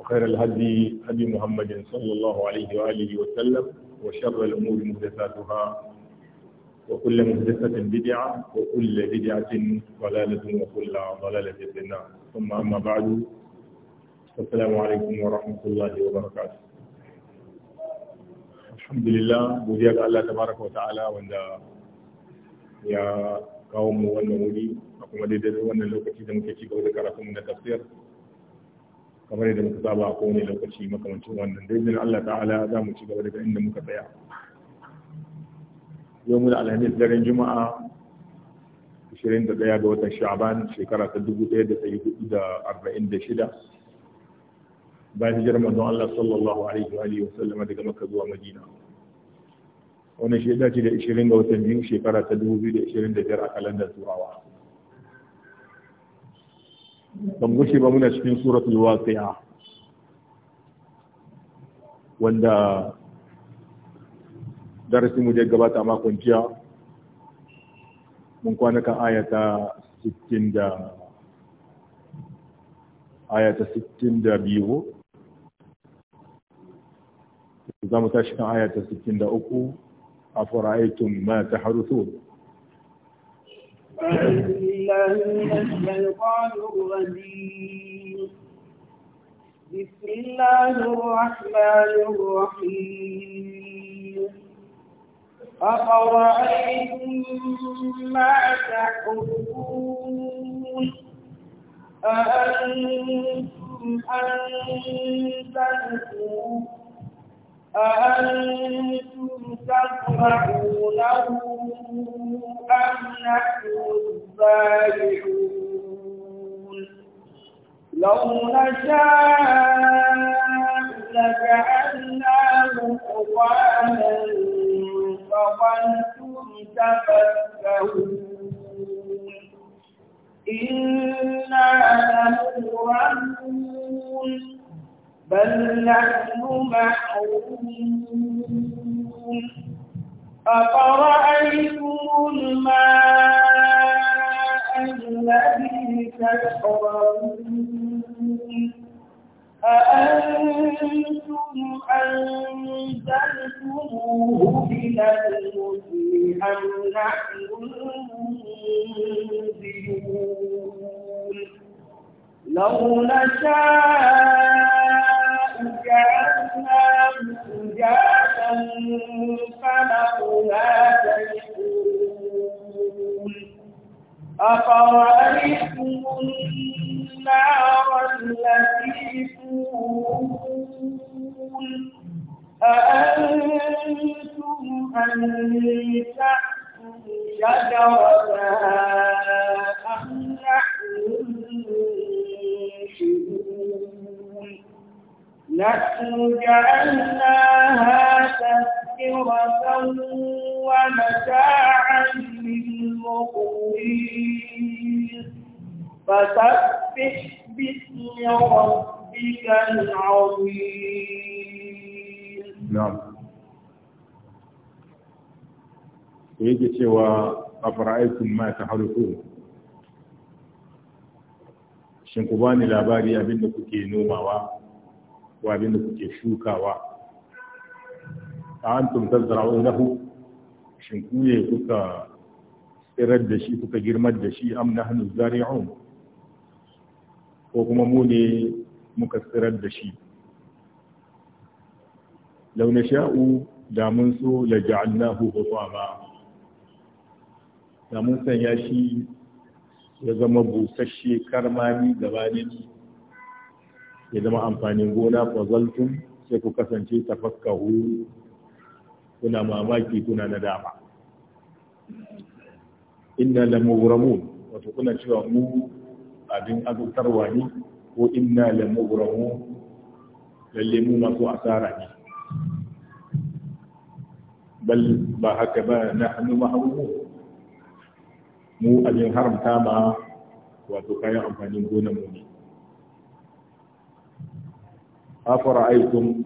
وخير الهدي هدي محمد صلى الله عليه وآله وسلم وشر الأمور محدثاتها وكل محدثة بدعة وكل بدعة ضلالة وكل ضلالة في النار ثم أما بعد السلام عليكم ورحمة الله وبركاته الحمد لله godiya الله تبارك وتعالى wa يا قوم ya kawo mu wannan لو a kuma daidai wannan lokaci kamar yadda muka saba a kowane lokaci makamancin wannan da izinin Allah ta'ala za mu ci gaba daga inda muka tsaya yau muna alhamis daren juma'a 21 ga watan sha'aban shekara ta 1446 bayan hijirar manzon Allah sallallahu alaihi wa alihi wasallam daga Makka zuwa Madina wannan shi ya dace da 20 ga watan biyu shekara ta 2025 a kalandar Turawa ban gushe ba muna cikin suratul waqi'a wanda darasin mu da gabata makon jiya mun kwana kan ayata 60 da ayata 60 62 za mu tashi kan ayata 63 a fara'aitun ma ta haruthun أعوذ من الشيطان الرجيم بسم الله الرحمن الرحيم أفرأيتم ما تحبون أأنتم أن تنسوه أأنتم تزرعونه أم نحن الزارعون لو نشاء لجعلناه قرآنا فظلتم تفكهون إنا لمغرمون بل نحن محرومون أفرأيتم الماء الذي تشربون أأنتم أنزلتموه من المزن أم نحن المنزلون لو نشاء جعلنا زجاجا فلقها تشكرون أفرأيتم النار التي تورون أأنتم أن تأتوا شجرتها أم نحن المنشئون نحن جعلناها تذكرة ومتاعا للمقوين فسبح باسم ربك العظيم نعم yake cewa a fara'aikun ma ta harufu shin ku bani labari abinda kuke nomawa ko da kuke shukawa a antum tazra'unahu shin ku ne kuka tsirar da shi kuka girmar da shi am nahnu zari'un ko kuma mu ne muka tsirar da shi law sha'u da mun so la ja'alnahu hutama da mun sanya shi ya zama busasshe karmami gabanin ya zama amfanin gona fazaltum sai ku kasance tafakkahu kuna mamaki kuna nadama inna lamughramun wato kuna cewa mu abin azurtarwa ne ko inna lamughramun lalle mu masu asara ne bal ba haka ba na hannu mahammu mu abin haramta ma wato kayan amfanin gonan mu ne aikun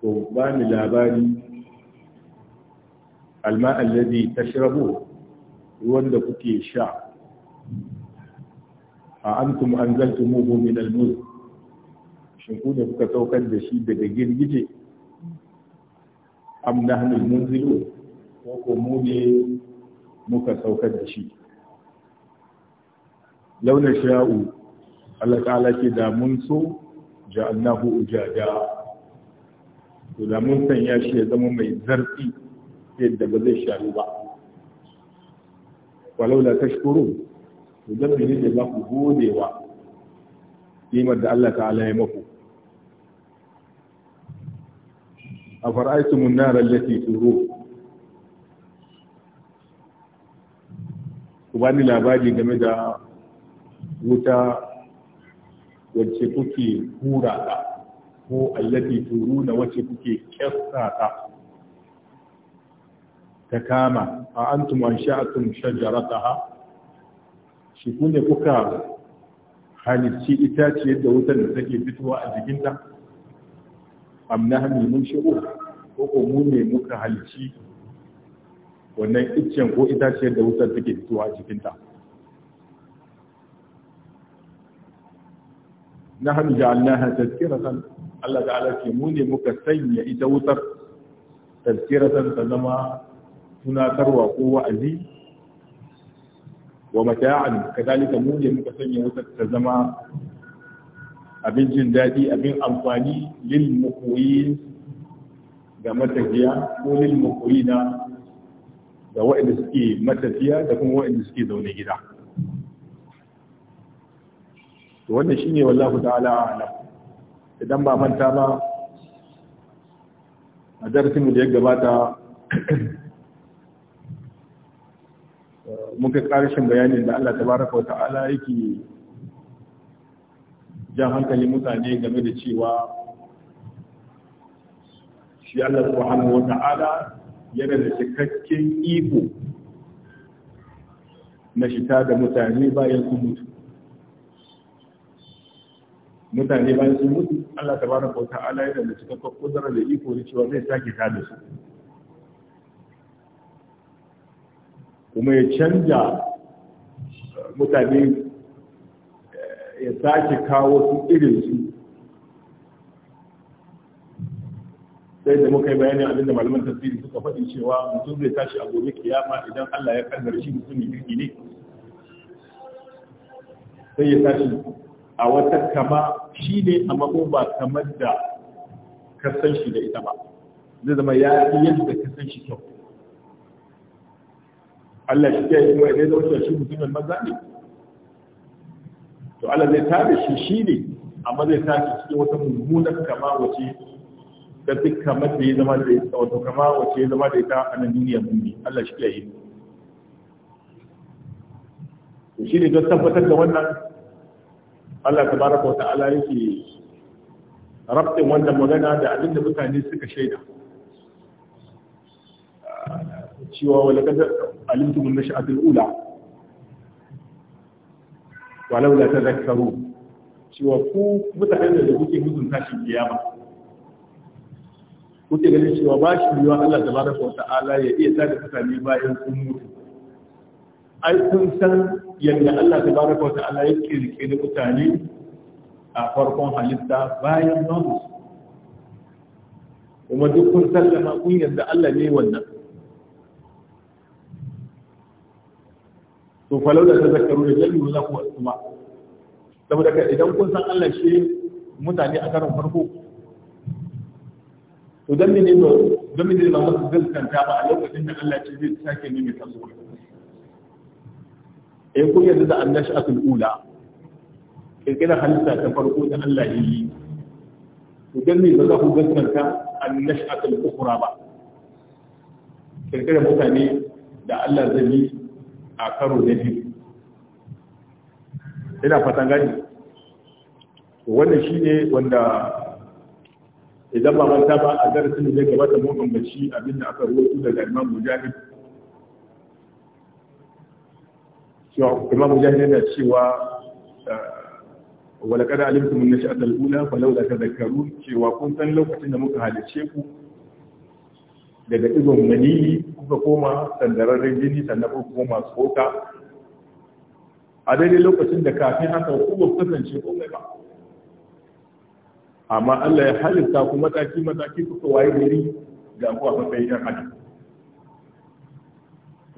ku ba ni labari alma alladhi tashrabu ruwan da kuke sha a an zan anzaltumuhu min al-muz shin ku ne kuka saukar da shi daga girgije am na hannun munzilun ko ko mu ne muka saukar da shi launar sha'u Allah ta'ala Ke da mun so ja'alnahu ujada to da mun sanya shi ya zama mai zarfi yadda ba zai sharu ba walau la tashkuru to dan ne da ba ku godewa kimar da Allah ta'ala ya maku أفرأيتم mun التي ترون ku bani labari game da wuta wacce kuke hura ta ko allati turuna wacce kuke kyasta ta ta kama a antum ansha'atum shajarataha shi kune kuka halicci itaciyar da wutar da take fitowa a jikinta am nahnu shigo, ko ko mu ne muka halicci wannan iccen ko itaciyar da wutar take fitowa a jikinta nahnu ja'alnaha tazkiratan Allah ta'ala ce mu ne muka sanya ita wutar tazkiratan ta zama tunatarwa ko wa'azi wa mata'an kadalika mu ne muka sanya wutar ta zama abin jin daɗi abin amfani lil muqwiyin ga matafiya ko lil muqwina da waɗanda suke matafiya da kuma waɗanda suke zaune gida to wannan shine wallahu ta'ala a'lam idan ba manta ba a darasin da ya gabata muka karshen bayanin da Allah tabaraka wa ta'ala yake jan hankali mutane game da cewa shi Allah subhanahu wa ta'ala yana da cikakken iko na shita da mutane bayan sun mutu mutane bayan sun mutu Allah tabaraka wa ala yana da cikakken kudura da iko da cewa zai sake ta da su kuma ya canja eh, mutane eh, ya sake kawo su irin su sai da muka yi bayanin abin da malaman tafsiri suka faɗi cewa mutum zai tashi a gobe kiyama idan Allah ya kaddara shi mutum ne kirki ne sai ya tashi a wata kama shi ne a ba kamar da ka shi da ita ba zai zama ya fi yadda ka san shi kyau Allah shi kai kuma idan zai shi mutumin maza ne to Allah zai tare shi shi ne amma zai tashi cikin wata mummunar kama wace da duk kamar da ya zama da ita wato kama wace ya zama da ita a nan duniya mummi Allah shi kai to shi ne don tabbatar da wannan Allah tabaraka wa ta'ala yake rabtin wannan magana da abin da mutane suka shaida cewa wala kada alimtum a nashatul ula wa zaki tadhakkaru cewa ku mutane da kuke mutunta shi kiyama kuke ganin cewa ba shi yiwa Allah tabaraka wa ta'ala ya iya tada mutane bayan sun mutu ai kun san yadda Allah Ta tabaraka wa ta'ala ya kirkiri mutane a farkon halitta bayan namu kuma duk kun sallama kun yadda Allah ne wannan to falau da tazakkaru da jallu za ku asma saboda ka idan kun san Allah shi mutane a karon farko to dan ne don ne ba za su zalkanta ba a lokacin da Allah ce zai sake mimita su Ya eh, ku yadda da annashi asul ula kirkira halitta ta farko da Allah ya yi to dan ne ba za ku gaskanta annash asul ukhra ba kirkira mutane da Allah zai yi a karo na biyu ina fatan gani wannan shine wanda idan ba ta ba a darasin da ya gabata mun ambaci abinda aka rubuta daga Imam Mujahid imamu jahil yana cewa ah, wala kada alimtum an-nash'ata al-ula falau la tadhakkarun cewa kun san lokacin da muka halice ku daga ibn manili kuka koma sandararren jini sannan kuka koma tsoka a daidai lokacin da kafin haka ku ba kasance komai ba amma Allah ya halitta ku mataki mataki kuka waye gari ga ku a matsayin yan adam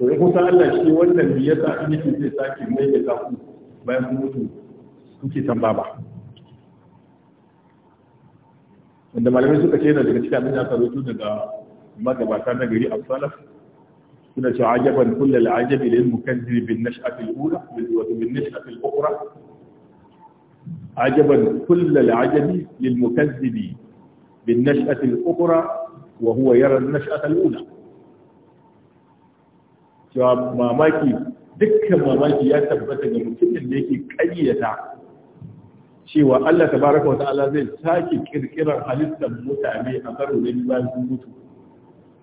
to in kusa Allah shi wannan biyar da an yake zai sake mai da kafu bayan kun mutu kuke san baba wanda malamai suka ce daga cikin abin da rubutu daga magabata na gari Absalaf suna cewa ajaban kullu al'ajabi lil mukazzib bin nash'ati al-ula wa bin nash'ati al-ukhra ajaban kullu al'ajabi lil mukazzib bin nash'ati al-ukhra wa huwa yara an-nash'ata al-ula cewa mamaki dukkan mamaki ya tabbata ga mutumin da yake ƙayyata cewa Allah ta baraka wa ta'ala zai sake kirkirar halittar mutane a karo da bayan sun mutu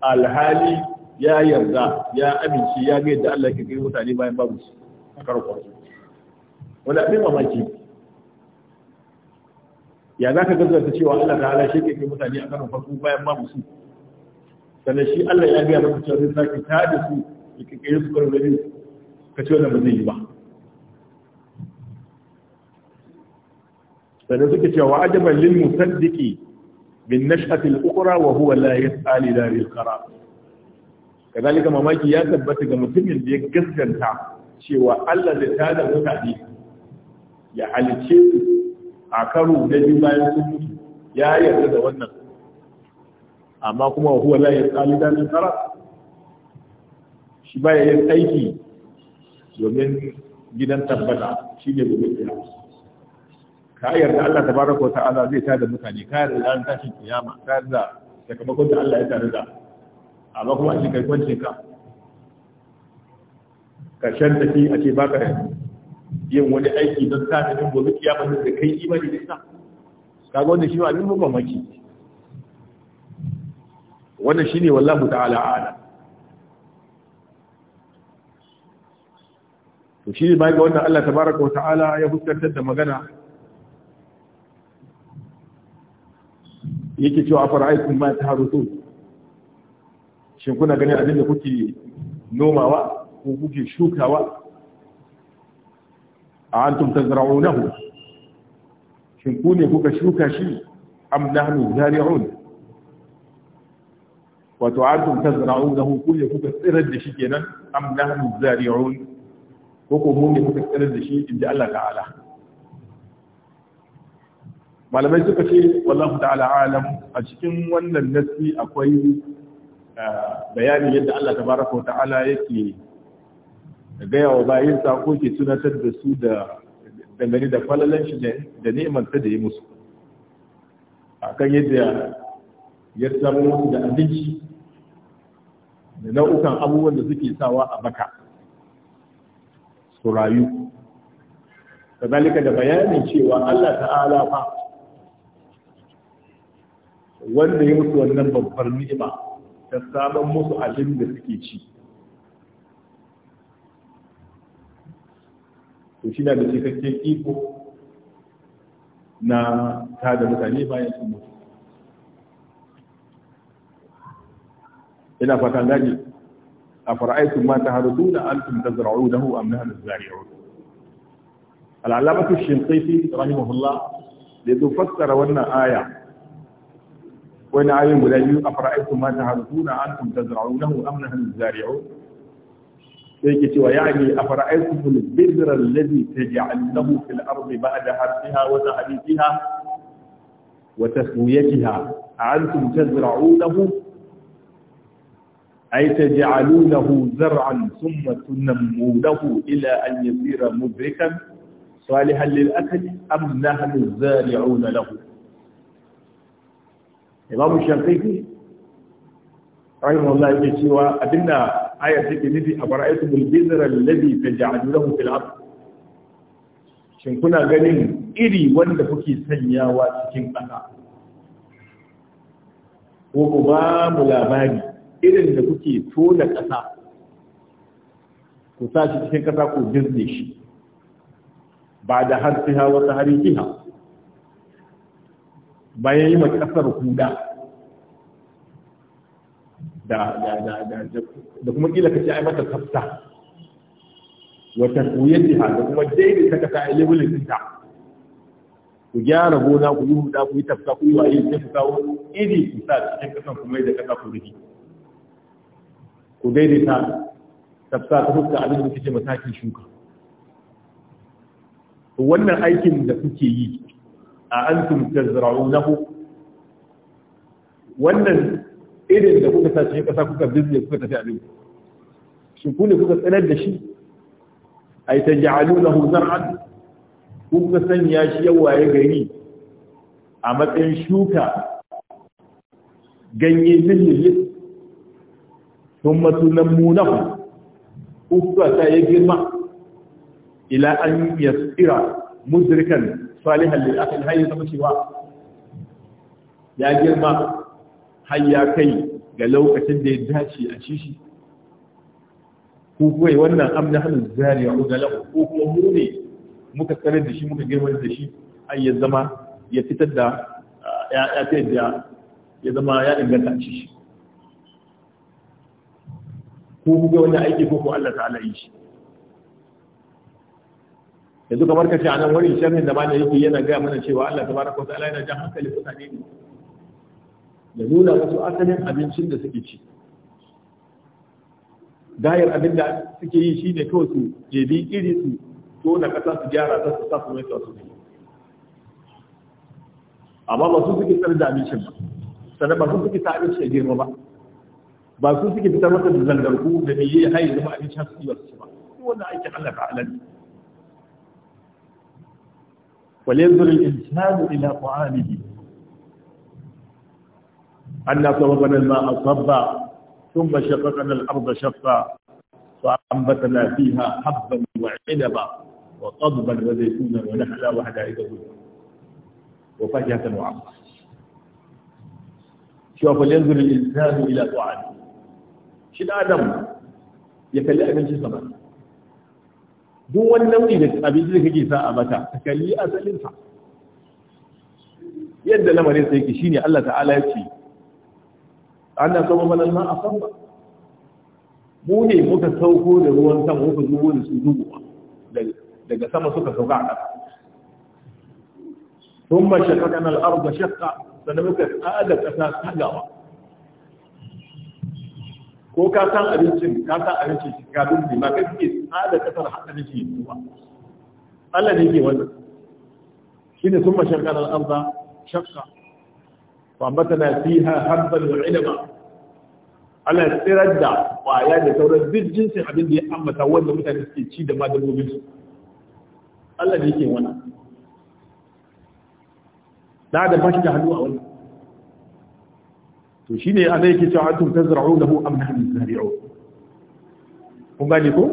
alhali ya yarda ya amince ya ga yadda Allah ke kai mutane bayan babu su a karo kwarto wanda abin mamaki ya za ka ta cewa Allah ta'ala shi ke kai mutane a karo farko bayan babu su sannan shi Allah ya gaya mutane cewa zai sake tada su ki kirkiri su kwargari ka ce wannan ba zai yi ba sannan suke cewa ajaban lil musaddiki bin nash'ati al-ukhra wa huwa la yas'ali daril qarar kazalika mamaki ya tabbata ga mutumin da ya gaskanta cewa Allah zai tada mutane ya halice su a karo na biyu bayan sun mutu ya yarda da wannan amma kuma huwa la yas'ali daril qarar shi ba ya yin aiki domin gidan tabbata shi ne gobe kiyama ka yarda Allah baraka wa ta'ala zai tada mutane ka yarda ran tashin kiyama ka yarda kuma kunta Allah ya tare da amma kuma shi kai kwance ka karshen tafi a ce baka yin wani aiki don tanadin gobe kiyama da kai imani da sa. kaga wanda shi ne abin mamaki wannan shine wallahi ta'ala a'lam to shi ne bai ga wannan Allah tabaraka wa ta'ala ya fuskantar da magana yake cewa fara'aikun ma ta harutu shin kuna ganin abin da kuke nomawa ko kuke shukawa a antum tazra'unahu shin ku ne kuka shuka shi am nahnu zari'un wato antum tazra'unahu ku ne kuka tsirar da shi kenan am nahnu zari'un ko ko mu ne kuka tsare da shi in ji Allah ta'ala malamai suka ce wallahu ta'ala alam a cikin wannan nasi akwai eh, bayani yadda Allah tabaraka wa ta'ala yake gaya wa bayin sa ko ke tunatar da su da dangane da falalan shi da neman ta da yi musu akan yadda ya samu da abinci da nau'ukan abubuwan da suke sawa a baka su rayu kazalika da bayanin cewa Allah ta'ala fa wanda ya mutu wannan babbar ni'ima ta saban musu abin da suke ci to shi da cikakken iko na tada mutane bayan sun mutu ina fatan gaji أفرأيتم ما تهرسون أنتم تزرعونه أم نحن الزارعون العلامة الشنقيطي رحمه الله لذو فسر ونا آية وين آية ملايو أفرأيتم ما تهرسون أنتم تزرعونه أم نحن الزارعون yake cewa ya'ani afara'aytum al-bidra alladhi taj'aluhu fil ardi ba'da harfiha wa tahdidiha wa taswiyatiha antum tazra'unahu ay taj'alunahu zar'an thumma tunammunahu ila an yasira mudrikan salihan lil akli am nahnu zari'un lahu Imam Shafi'i rahimahullah yake cewa abinda ayar take nufi a bara'atul bizra alladhi taj'alunahu fil ard shin kuna ganin iri wanda kuke sanyawa cikin ƙasa ko ku ba mu labari irin da kuke tona ƙasa ku sa shi cikin ƙasa ku jirne shi ba da harfiha wata kina bayan yi ma ƙasar huda da kuma kila kace ai mata tsafta wa taqwiyatiha da kuma daidai ta kasa a levelin dinta ku gyara gona ku yi huda ku yi tafta ku yi waye sai ku kawo iri ku sa cikin kasan kuma da kasa ku rufi. ku daidaita tafsa ta fuska abin da kike matakin shuka wannan aikin da kuke yi a antum tazra'unahu wannan irin da kuka sace kasa kuka bizne kuka tafi abin shi ku ne kuka tsanar da shi ay taj'alunahu zar'an kuka sanya shi yawaye gani a matsayin shuka ganye zillin sun na munahu uku ta ya girma ila an yasira mudrikan salihan lil akal hayya zama cewa ya girma har ya kai ga lokacin da ya dace a ci ko kai wannan amna hannun zariya ko galahu ko kuma mu ne muka tsare da shi muka girma da shi ai ya zama ya fitar da ya ta yadda ya zama ya inganta a ci ko kuga wani aiki ko ko Allah ta'ala yi shi yanzu kamar ka ce a nan wurin sharhin da bana yake yana ga mana cewa Allah tabaraka ta'ala yana jan hankali mutane ne da nuna musu asalin abincin da suke ci gayar abin da suke yi shi ne kawai su jebi iri su na kasa su gyara ta su sa su mai su ne amma ba su suke tsar da abincin ba sannan ba su suke sa abincin girma ba ba su suke fitar masa da zangarku da me yayi hayi zama abin shan su ba su ba wannan aikin Allah الإنسان إلى طعامه أنا صببنا الماء صبا ثم شققنا الأرض شقا فأنبتنا فيها حبا وعنبا وقضبا وزيتونا ونحلا وحدائق ذوبا وفاكهة وعصا شوف لينظر الإنسان إلى طعامه shi da adam ya kalli abincin sa ba duk wani nau'i da abinci da kake sa a mata ta kalli asalin sa yadda lamarin sa yake shine Allah ta'ala ya ce ana kawo mana ma a san ba mu ne muka sauko da ruwan sama muka zuwa da su dubuwa daga sama suka sauka a ƙasa ثم شققنا الأرض شقا سنبكت آدت أساس tagawa. ko ka san abincin ka san abincin shi ka dubbe ma kai kike tsada kasar hada da shi ba Allah ne yake wannan shine sun masharkan al-ardh shaqqa wa matana fiha habban wa ilma Allah ya tsirar da kwaya da sauran duk jinsin abin da ya ambata wanda mutane suke ci da ma dabbobin su Allah ne ke wannan da da bashi da hannu a wannan to shine ana yake cewa da tazra'unahu am nahnu zari'un kun gani ko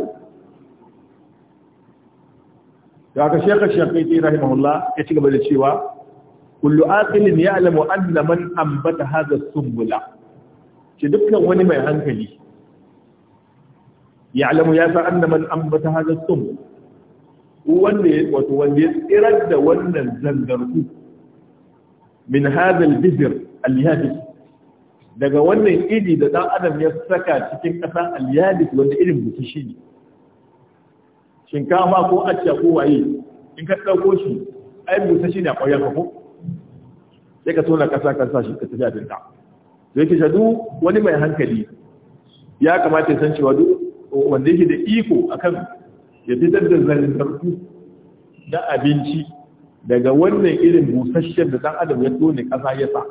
da aka shekha shafi'i rahimahullah ya ci gaba da cewa kullu aqilin an anna man ambata haza as-sumbula ce dukkan wani mai hankali ya'lamu ya san anna man ambata hadha as-sumbula wanda wato wanda ya tsirar da wannan zangarku min hadha al-bizr al-yabis daga wannan idi da ɗan adam ya saka cikin ƙasa aliyalif wanda irin buki shi ne shinkafa ko acca ko waye in ka ɗauko shi ai buta shi ne a ƙwayar ka ko sai ka tona ƙasa kan sa shi ka tafi abin ka to shadu wani mai hankali ya kamata ya san cewa duk wanda yake da iko akan ya fitar da zarzarku na abinci daga wannan irin busasshen da ɗan adam ya tone ƙasa ya sa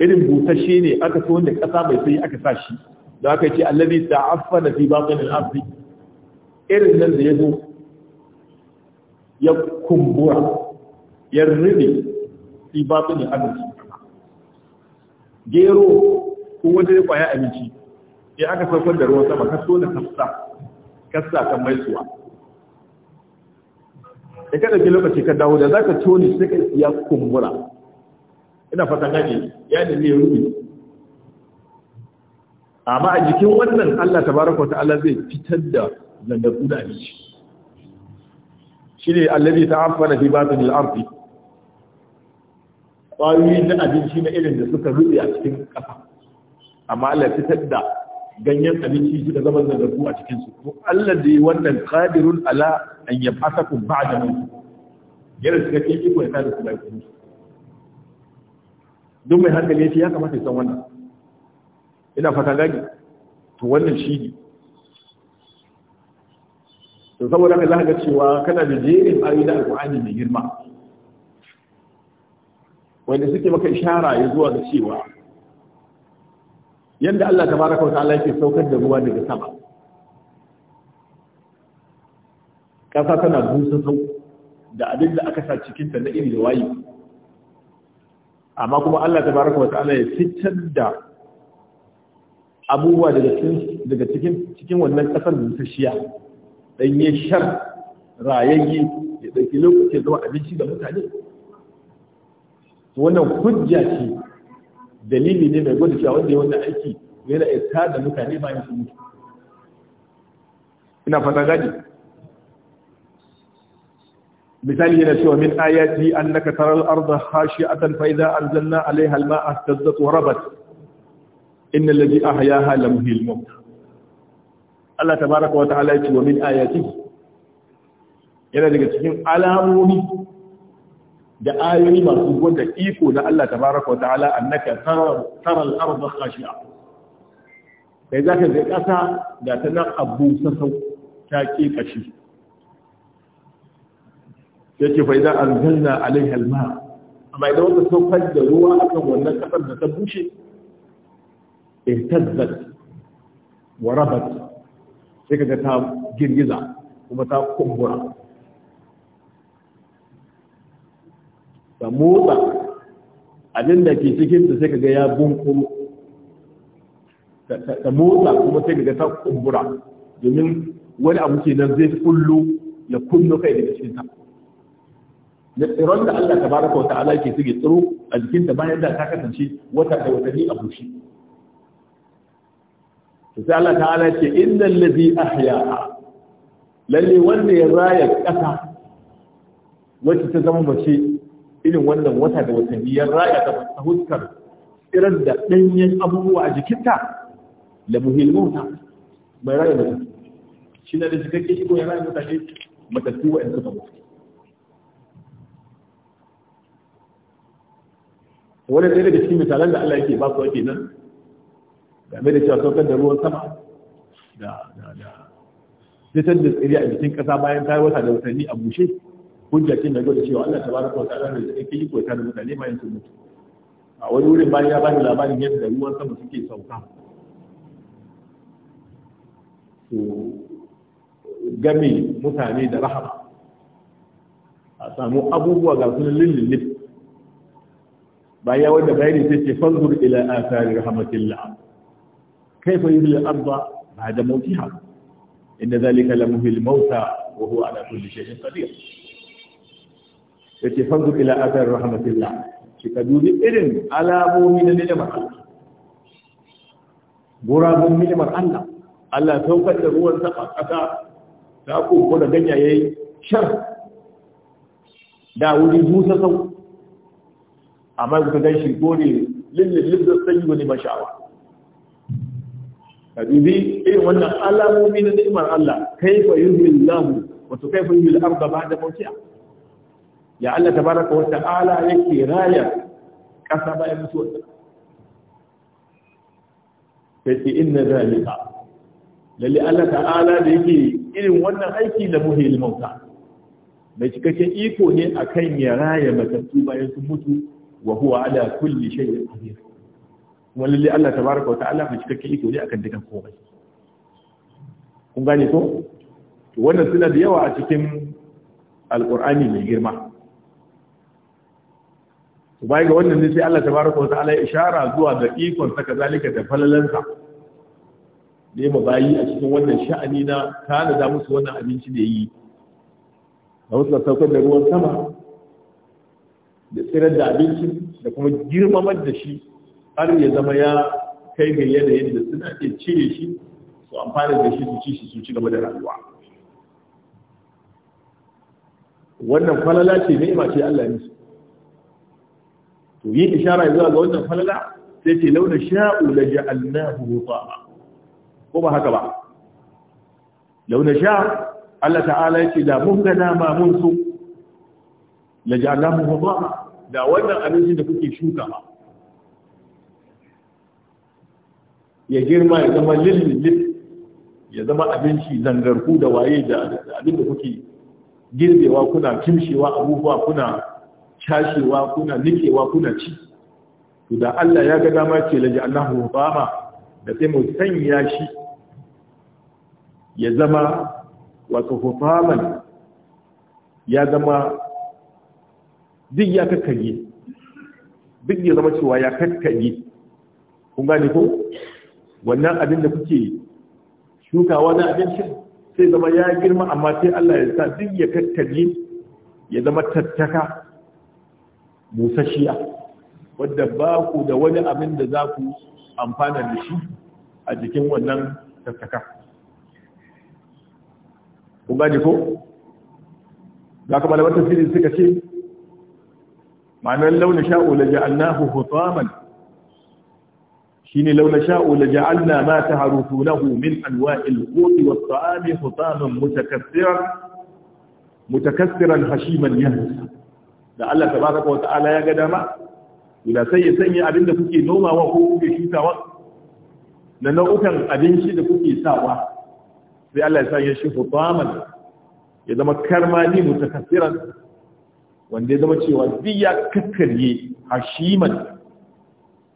irin busasshe ne aka so wanda kasa mai sai aka sa shi da aka ce allazi da fi batin al-ardi irin nan da yazo ya kumbura ya rube fi batin al-ardi gero ko wanda ya kwaya abinci ya aka saukar da ruwan sama kaso da kasta kasta kan mai suwa da kada ke lokaci ka dawo da za ka tone sai ka ya kumbura ina fatan gane ya ne ne rubi amma a jikin wannan Allah tabaraka ta'ala zai fitar da Shi ne abinci shine allazi ta'affana fi batin al-ardi Ƙwayoyin na abinci na irin da suka rubi a cikin ƙasa amma Allah fitar da ganyen abinci suka zama zangaku a cikin su ko Allah da yi wannan qadirun ala an da ba'da mawt yana cikakken iko ya da su bai kuma duk mai hankali ya ce ya kamata ya san wannan ina fata gani to wannan shi ne to saboda haka za ga cewa kana da jerin ayoyi na alƙur'ani mai girma wanda suke maka ishara ya zuwa ga cewa yadda Allah tabaraka wa ta'ala yake saukar da ruwa daga sama ƙasa tana busa sau da abin da aka sa cikinta na iri da wayi amma kuma Allah ta tabaraka wata'ala ya fitar da abubuwa daga cikin wannan kasar da ta shiya dan ya shar rayayye ya dauki lokaci zama abinci da mutane wannan hujja ce dalili ne mai gwada cewa wanda ya wannan aiki yana isa da mutane bayan su mutu ina fata gaji misali yana cewa min ayati annaka taral arda khashi'atan fa idza anzalna 'alayha al-ma'a ihtazzat wa rabat innal ladhi ahyaha lamhil mawt Allah tabaaraka wa ta'ala ya ce wa min ayati yana daga cikin alamomi da ayoyi masu gwada iko na Allah tabaaraka wa ta'ala annaka taral arda khashi'a kai zaka ga kasa ga ta nan abu sasau ta ke kashi yake fa idan anzalna alaiha alma amma idan wata saukar da ruwa akan wannan kasar da ta bushe ihtazzat wa rabat sai kaga ta girgiza kuma ta kumbura ta motsa abin da ke cikin ta sai kaga ya bunkuru ta motsa kuma sai kaga ta kumbura domin wani abu kenan zai kullu ya kullu kai daga cikin ta da tsiron da Allah tabaraka wa ta'ala ke suke tsiro a jikin ta bayan da ta kasance wata da watanni a bushe to sai Allah ta'ala ce innal ladhi ahyaha lalle wanda ya raya kasa wacce ta zama mace irin wannan wata da watanni ya raya ta huskar tsiron da danyen abubuwa a jikinta la muhilmuta mai raya mutum shi na da cikakke shi ko ya raya mutane matattu wa'in suka mutu wani ɗaya da cikin misalan da Allah yake ba su ake nan game da cewa saukar da ruwan sama da fitar da tsiri a jikin ƙasa bayan ta yi wata da watanni a bushe hujja ce mai gwada cewa Allah tabaraka wa ta'ala da yake yi ko da mutane bayan sun mutu a wani wurin bayan ya ba da labarin yadda ruwan sama suke sauka game mutane da rahama a samu abubuwa ga sunan lillin bayan wanda bayani sai ce fanzur ila athari rahmatillah kaifa yuhyi al-ardha ba'da mawtiha inna dhalika la muhyi al-mauta wa huwa ala kulli shay'in qadir yace fanzur ila athari rahmatillah shi ka dubi irin alamomi na ni'imar Allah gurabun ni'imar Allah Allah saukar da ruwan sa a ƙasa ta ko da ganyaye shar da wuri busa sau amma yanzu kusa ganshi ne, lillin da sanyi wani mashawa ka dubi irin wannan alamomi na ni'imar Allah yi yuhil lahu wato kaifa yuhil ba ba'da mawtiha ya Allah tabaraka wa ta'ala yake raya kasa bayan mutuwarsa sai ce inna zalika lalle Allah ta'ala da yake irin wannan aiki da muhil mauta mai cikakken iko ne akan ya raya matattu bayan sun mutu wa huwa ala kulli shay'in qadir kuma lalle Allah tabaaraka wa ta'ala ba cikakke yake ne akan dukan komai kun gane ko to wannan suna da yawa a cikin alqur'ani mai girma to bai ga wannan ne sai Allah tabaaraka wa ta'ala ya ishara zuwa ga ikon saka zalika da falalansa ne ba bayi a cikin wannan sha'ani na kana da musu wannan abinci da yi a wasu sauƙar da ruwan sama da tsirar da abinci da kuma girmamar da shi har ya zama ya kai ga yanayin da suna iya cire shi su amfana da shi su ci shi su ci gaba da rayuwa wannan falala ce ni'ima ce Allah ne musu to yin ishara zuwa ga wannan falala sai ce launa sha'u la ja'alnahu hutama ko ba haka ba launa sha Allah ta'ala ya ce da mun ga ma mun so la da wannan abincin da kuke shuka ya girma ya zama lillil ya zama abinci zangarku da waye da abin da kuke girbewa kuna kimshewa abubuwa kuna cashewa kuna nikewa kuna ci to da Allah ya ga dama ce laji Allahu ba da sai mu sanya shi ya zama wato hufaman ya zama duk ya kakkaye duk ya zama cewa ya kakkaye kun gane ko wannan abin da kuke shukawa na shi sai zama ya girma amma sai Allah ya sa duk ya kakkage ya zama tattaka musashiya wadda ba ku da wani abin da za ku amfana da shi a jikin wannan tattaka kun gane ko za ka malamar tafsirin suka ce ma'anar launa sha'o la ja'alnahu hutaman shine launa sha'o la ja'alna ma taharufu lahu min anwa'il qut wa ta'ami hutaman mutakassiran mutakassiran hashiman yanzu? da Allah ta tabaraka wa ta'ala ya ga dama da sai ya sanya abin da kuke nomawa ko kuke shutawa da nau'ukan abinci da kuke sawa sai Allah ya sanya shi hutaman ya zama karmani mutakassiran wanda ya zama cewa zai ya kakkarye hashiman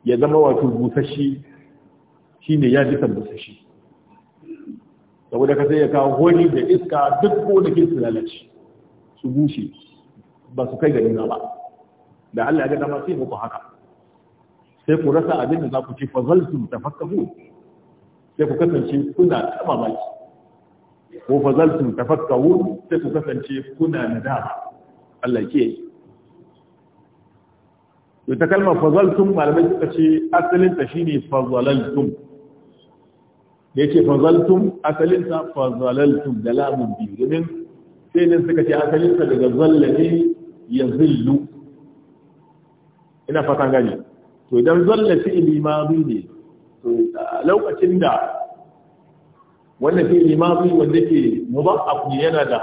ya zama wato busashi shine ya ji busashi saboda ka sai ya kawo hori da iska duk gonakin su lalace su bushe ba su kai ga nuna ba da Allah ya ga dama sai muku haka sai ku rasa abin da za ku ce fazaltum tafakkahu sai ku kasance kuna ta mamaki ko fazaltum tafakkahu sai ku kasance kuna nadama Allah ke yi to ta kalmar fazaltun malamai suka ce asalin ta ne fazalaltun. da yake fazaltun asalin ta fazalaltun da lamun biyu domin sai ne suka ce asalin ta daga zalla ne ya zillu ina fatan gani to idan zalla fi'li madi ne to lokacin da wannan fi madi wanda ke mudaf ne yana da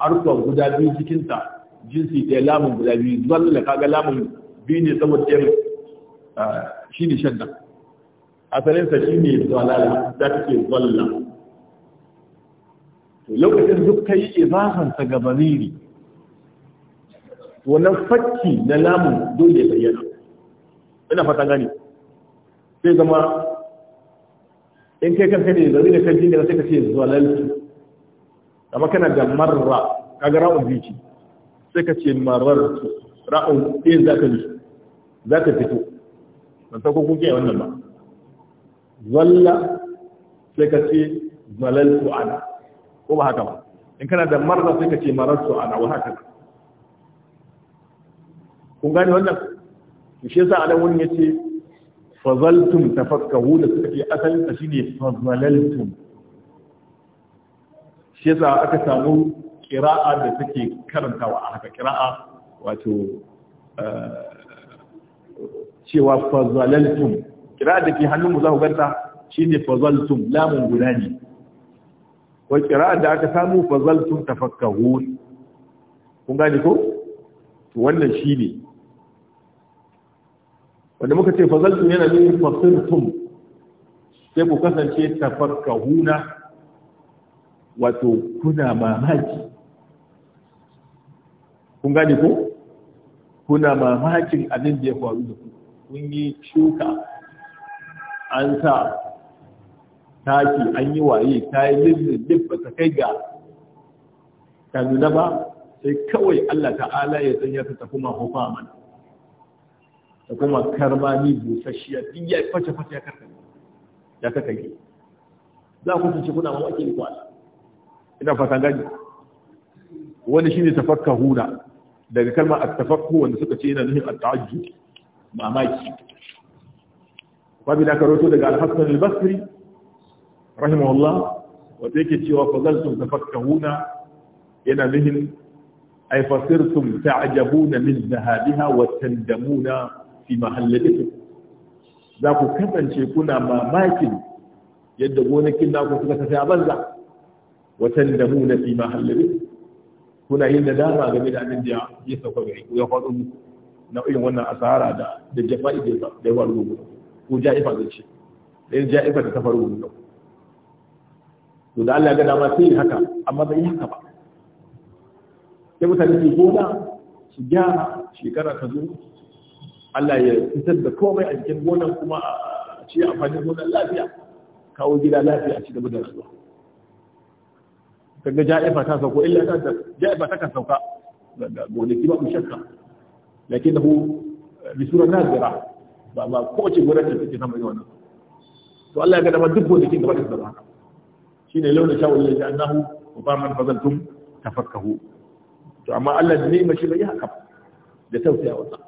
harkar guda biyu cikinta jinsi ta lamun guda biyu zalla kaga lamun biyu ne saboda ɗaya shi ne shan shadda asalinsa shi ne zalala za ta ce zalla lokacin duk ka yi izahansa ga bariri wannan fakki na lamun dole bayyana ina fata gani sai zama in kai kai ne zari da kan da sai ka ce zalalci amma kana da marra kagara ubici sai ka ce marar ra'un ɗin eh, za ka za ka fito ban ta kun kiyaye wannan ba zalla sai ka ce zalal ana ko ba haka ba in kana da marar sai ka ce marar ana wa haka kun gane wannan shi yasa anan wani yace fazaltum tafakkahu da suka ce asalin ta shine fazalaltum shi yasa aka samu kira'a da take karantawa a haka kira'a wato eh, cewa fazalaltum kira'a da ke hannun za ku ganta shine fazaltum lamun guda ne ko kira'a da aka samu fazaltum tafakkahun kun gane ko to wannan shine wanda muka ce fazaltum yana nufin fasirtum sai ku kasance ta huna wato kuna mamaki kun gane ko kuna mamakin abin da ya faru da ku kun yi shuka an sa taki an yi waye ta yi lillin ba ta kai ga kanuna ba sai kawai Allah ta'ala ya sanya ta tafi mahufa mana ta kuma karmami busasshiya duk ya fata-fata ya karkare ya kakage za ku tunce kuna mamaki kwa ina fata gani wani shine tafakka huna daga kalmar at-tafakku wanda suka ce yana nufin at-ta'ajjub mamaki wabila karoto daga Alhassan al-basri rahimahullah wanda yake cewa fazaltum tafakkahuna yana nufin ay fasirtum ta'jabuna min dhahabiha wa tandamuna fi mahallatikum za ku kasance kuna mamakin yadda gonakin naku suka tafi a banza wa tandamuna fi mahallatikum kuna yin da dama game da abin da ya sauka gari ko ya faɗo muku na irin wannan asara da da jafa'i da da ya faru muku ko ja'ifa zai ce da yin ja'ifa da ta faru muku to da Allah ya ga dama sai haka amma bai yi haka ba sai mutane su gona su gyara shekara ta zo Allah ya fitar da komai a cikin gonan kuma a ci amfanin gonan lafiya kawo gida lafiya a ci gaba da rayuwa kaga ja'ifa ta sauko illa ta ja'ifa ta kan sauka ga gonaki ba mu shakka lakinnahu eh, bi sura nazira ba ba ko ce gonaki take sama da nan. to Allah ya ga dama duk gonakin gaba da zama haka shine launa shawul la annahu wa ba man fazantum tafakkahu to amma Allah da ni'ima shi bai haka da tausaya wata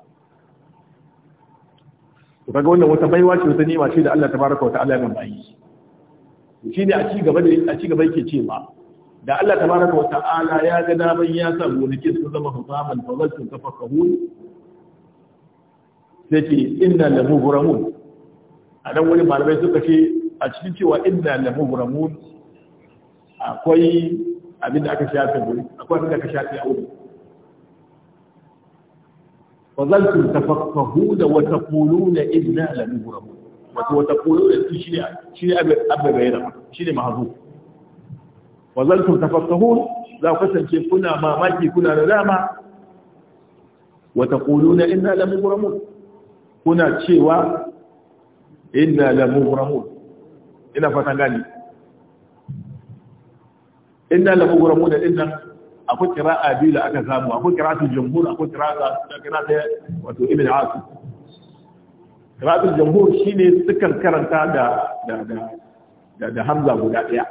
to kaga wannan wata baiwa ce wata ni'ima ce da Allah tabaraka wa ta'ala ya mun bayi shine a ci gaba da a ci gaba yake cewa da Allah baraka wa ta'ala ya ga daman ya sa gonakin su zama husaman fa zaltu tafakkahun sai ce inna lahu mughramun a nan wani malamai suka ce a cikin cewa inna lahu mughramun akwai abin da aka shafe guri akwai abin da aka shafe aure fa zaltu tafakkahu da wa taquluna inna lahu mughramun wato wa taquluna shi ne shi ne abin abin bayyana shi ne mahazu wa tafakkahun za ku kasance kuna mamaki kuna da dama wa taquluna inna la mughramun kuna cewa inna la mughramun ina fatan gani inna la mughramun inna akwai qira'a biyu da aka samu akwai qira'atul jumhur akwai qira'a qira'a wato ibn asim qira'atul jumhur shine sukan karanta da da da hamza guda daya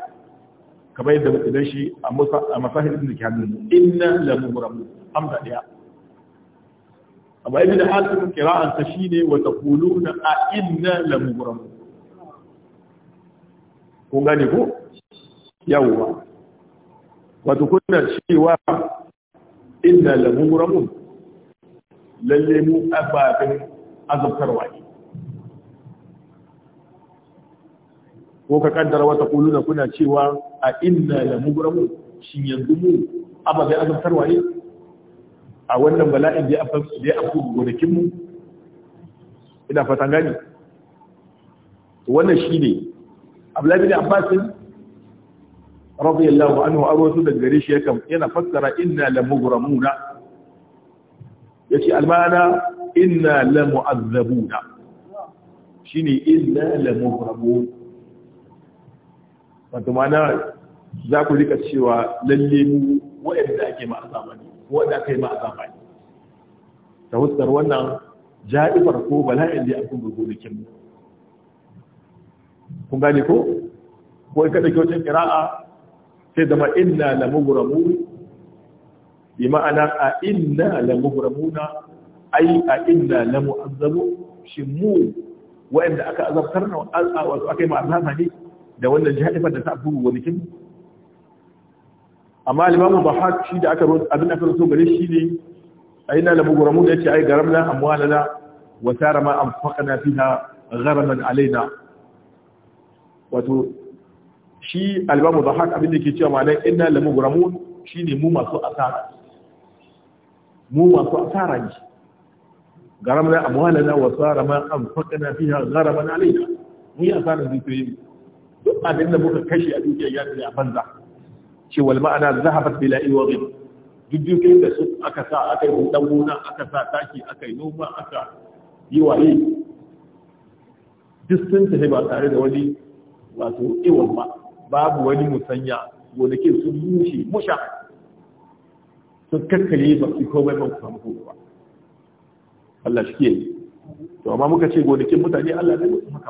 kamar yadda muke da shi a masahir ibn kihannun inna lamu muramu da ya amma ibn hasim kira'an ta shine wa taquluna a inna lamu muramu kun gane ko yawwa wato kuna cewa inna lamu muramu lalle mu ababin azabtarwa ne ko ka kaddara wata kuluna kuna cewa a inna la mugramu shin yanzu mu ababai azabtarwa ne a wannan bala'in da ya afu gonakin mu ina fatan gani wannan shine Abdullahi bin Abbas radiyallahu anhu wasu daga gare shi yakan yana fassara inna la mugramuna yace almana inna la mu'azzabuna shine inna la mugramun wato mana za ku rika cewa lalle mu waɗanda ake ma azaba ne waɗanda aka yi ma azaba ne ta huskar wannan ja'ifar ko bala'in da abin burgonakin mu kun gane ko ko in kada kyautin kira'a sai zama inna la mughramu bi ma'ana a inna la mughramuna ai a inna la mu'azzabu shi mu waɗanda aka azabtar na wato aka yi ma azaba ne da wannan ja'ifar da ta abin burgonakin mu amma limamu ba haka shi da aka abin aka rasu gare shi ne a yana da buguramu da yake ai garamna amwalana wa tara ma na anfaqna fiha gharaman alaina wato shi albamu da haka abin da ke cewa ma'anar inna lamu guramun shi ne mu masu asara mu masu asara ne garamna amwalana wa tara ma na anfaqna fiha gharaman alaina mu yi asarar zuciyoyi duk abin da muka kashe a duniya ya a banza ce wal ma'ana zahabat bila iwarin dukkan da su aka sa aka yi hudan gona aka sa taki aka yi noma aka yi waye duk sun ba tare da wani wato iwan ba babu wani musanya gonakin sun mushe musha sun kakkare ba su komai ba ku samu ba Allah shi ke yi to amma muka ce gonakin mutane Allah ne ba su ba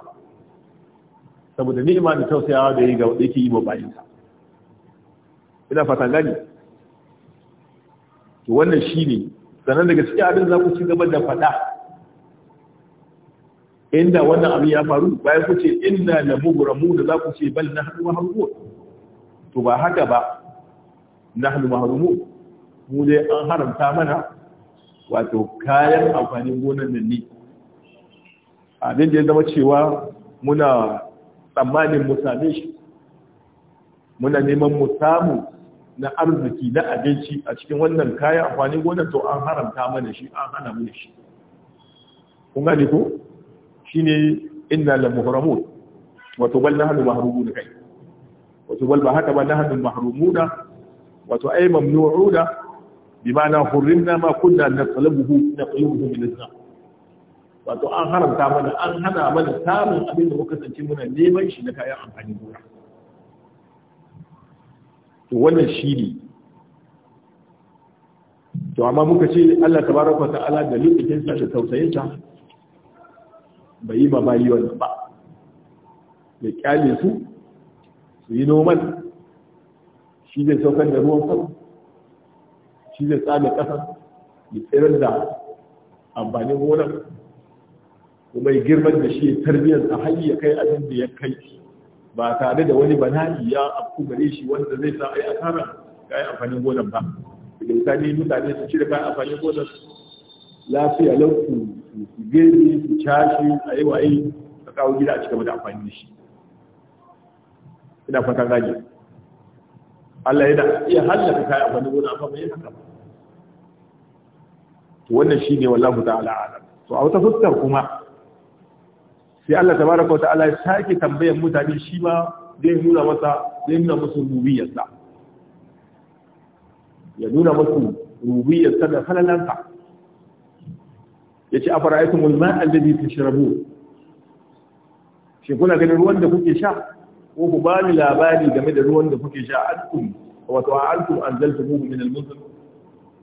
saboda ni'ima da tausayawa da yi ga wanda yake yi ba bayinsa ina fatan gani to wannan shine sannan daga cikin abin za ku ci gaba da faɗa. inda wannan abin ya faru bayan ku ce inna la da za ku ce bal nahnu mahrumun to ba haka ba nahnu mahrumun mu dai an haramta mana wato kayan amfanin gonan nan ne abin da ya zama cewa muna tsammanin mu same shi muna neman mu samu na arziki na abinci a cikin wannan kaya amfanin gonar to an haramta mana shi an hana mana shi kun gane ko shi shine inna la muhramun wato bal nahnu mahrumuna kai wato bal ba haka ba nahnu mahrumuna wato ay mamnu'una bima'ana hurrimna ma kunna natlabuhu natlubuhu min al-zam wato an haramta mana an hana mana samun abin da muka tsanci muna neman shi na kayan amfanin gona to wannan shi ne to amma muka ce Allah tabaraka ta'ala da lutufinsa da tausayinsa bai yi mamayi wannan ba ya kyale su su yi noman shi zai saukar da ruwan sama shi zai tsada ƙasa ya tsirar da amfanin gonar kuma ya girman da shi tarbiyyar a hanyar kai abin da ya kai ba tare da wani bana'i ya afku gare shi wanda zai sa yi asara ga yi amfanin gonan ba da mutane mutane su cire kayan amfanin gonan lafiya lau su gani su cashi a yi waye ka kawo gida a cikin da amfani da shi ina fatan gaji Allah yana iya hallaka kayan amfanin gonan amma bai haka ba to wannan shine wallahu ta'ala alam to a wata fuskar kuma sai Allah tabaraka wa ta'ala ya sake tambayar mutane shi ma zai nuna masa zai nuna musu rubiyarsa ya nuna musu rubiyarsa da halalansa ya ce afara'aitun ulma allazi tashrabu shi kuna ganin ruwan da kuke sha ko ku bani labari game da ruwan da kuke sha alkum wato alkum anzaltumuhu min al-muzn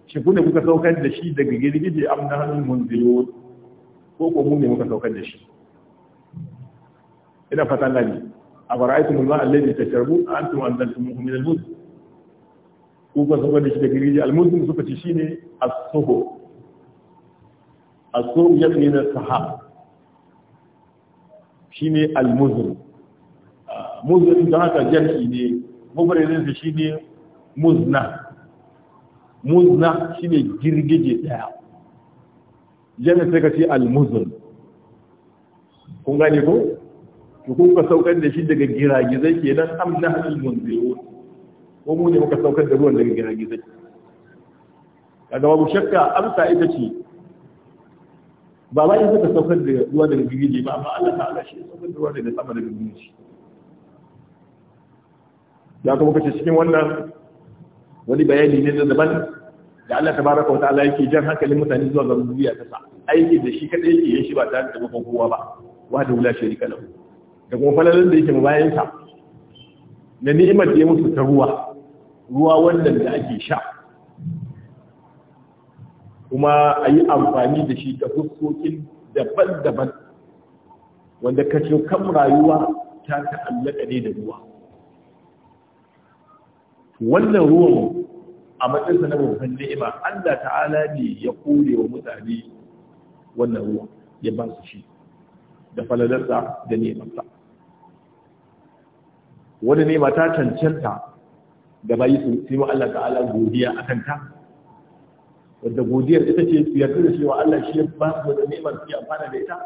shi kuna kuka saukar da shi daga girgije amna hanun munzilun ko ko mu ne muka saukar da shi ina fata gani a fara'aitun a allazi ta a antum an zalta muhu min ku ka suka gani shi da giriji almud suka ci shine as-suhu as-suhu yadni na sahab shine al-muzr muzr da haka jarki ne mubradin shi shine muzna muzna shine girgije daya jami'a sai ka ce al-muzr kun gane ko Ku ko ka saukar da shi daga giragizai nan am na hal munzirun ko mu ne muka saukar da ruwan daga giragizai kaga babu shakka amsa ita ce ba ba ka saukar da ruwa daga giragizai ba amma Allah ta'ala shi saukar da ruwa daga sama daga giragizai Ya kuma kace cikin wannan wani bayani ne da daban da Allah tabaraka wa ta'ala yake jan hankalin mutane zuwa ga rubiya ta sa aiki da shi kadai yake yin shi ba tare da taimakon kowa ba wa da wula sharika lahu da kuma falalin da yake bayanta, da ni'imar da ya musu ta ruwa ruwa wannan da ake sha kuma a yi amfani da shi ta fuskokin daban-daban wanda kacin kan rayuwa ta ta'allaka ne da ruwa wannan ruwan a matsinsa na babban ni'ima Allah ta'ala ne ya kore wa mutane wannan ruwa ya ba su shi da falalarsa da nemansa wani ne mata cancanta da bayi su yi wa Allah ta'ala godiya a kanta wadda godiyar ita ce su yarda da wa Allah shi ya ba su da neman su amfana da ita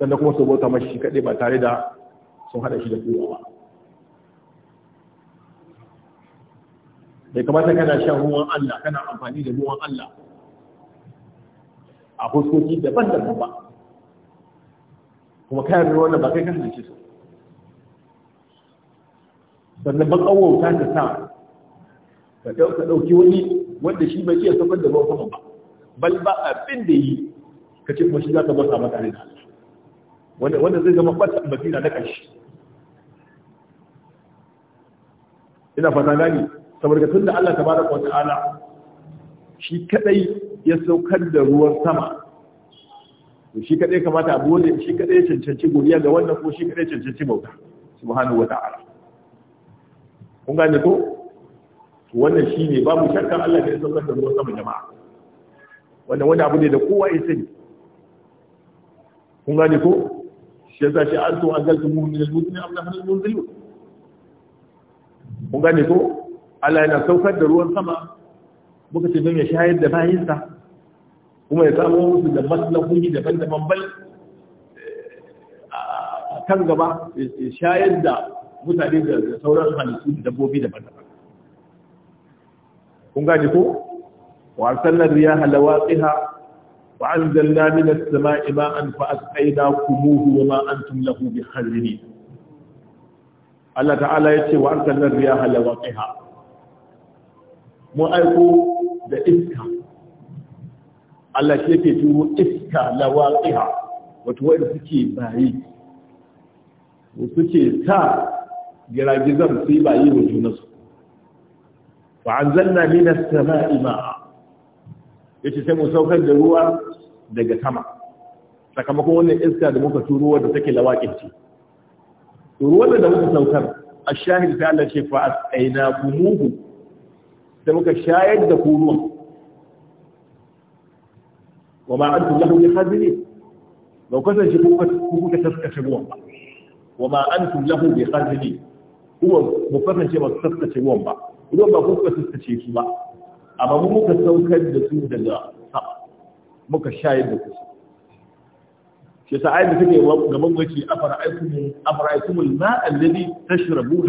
sannan kuma su bauta mashi kaɗai ba tare da sun haɗa shi da kowa ba bai kamata kana shan ruwan Allah kana amfani da ruwan Allah a huskoki daban-daban ba kuma kayan ruwan da ba kai kan halice su sannan ban awauta ta sa ka ɗauki wani wanda shi bai iya safar da ruwan sama ba bal ba abin da yi ka ce kuma shi za ka basa mata ne wanda wanda zai zama fata basira na ƙarshe ina fata gani saboda tun da Allah tabaraka wa ta'ala shi kadai ya saukar da ruwan sama shi kadai kamata abu wanda shi kadai cancanci godiya ga wannan ko shi kadai cancanci bauta subhanahu wa ta'ala kun gane ko wannan shi ne babu shakkan Allah da ya saukar da ruwan sama jama'a wannan wani abu ne da kowa ya sani kun gane ko shi yasa shi an so an galta mu min al-mutin am nahnu al-munzilun kun gane ko Allah yana saukar da ruwan sama muka ce don ya shayar da bayinsa kuma ya samu musu da maslahohi daban-daban bal eh, kan gaba ya shayar da mutane da sauran halittu da dabbobi da bata kun gaji ko wa arsalna halawa lawaqiha wa an anzalna min ma an ma'an fa asqaynakumuhu wa ma an antum bi halini. Allah ta'ala ya ce wa arsalna halawa lawaqiha mu aiko da iska Allah shi yake turo iska lawaqiha wato wanda suke bayi suke ta giragizan sai ba yi wa junansu wa an zanna minas sama'i ma'a ya ce sai mu saukar da ruwa daga sama sakamakon wannan iska da muka turo wadda take lawaƙin ce ruwan da muka saukar a shahid ta Allah ce fa asaina kumuhu da muka shayar da kuruwa wa ma antum lahu bihazini ba kasance ku kuka taskace ruwan ba wa ma antum lahu bihazini kuma mu kasance ba su saskace ruwan ba ruwan ba kuka saskace su ba amma mu muka saukar da su daga sama muka shayar da su shi ta ayyuka take gaban gwaci afara'aikumul afara'aikumul ma alladhi tashrabuhu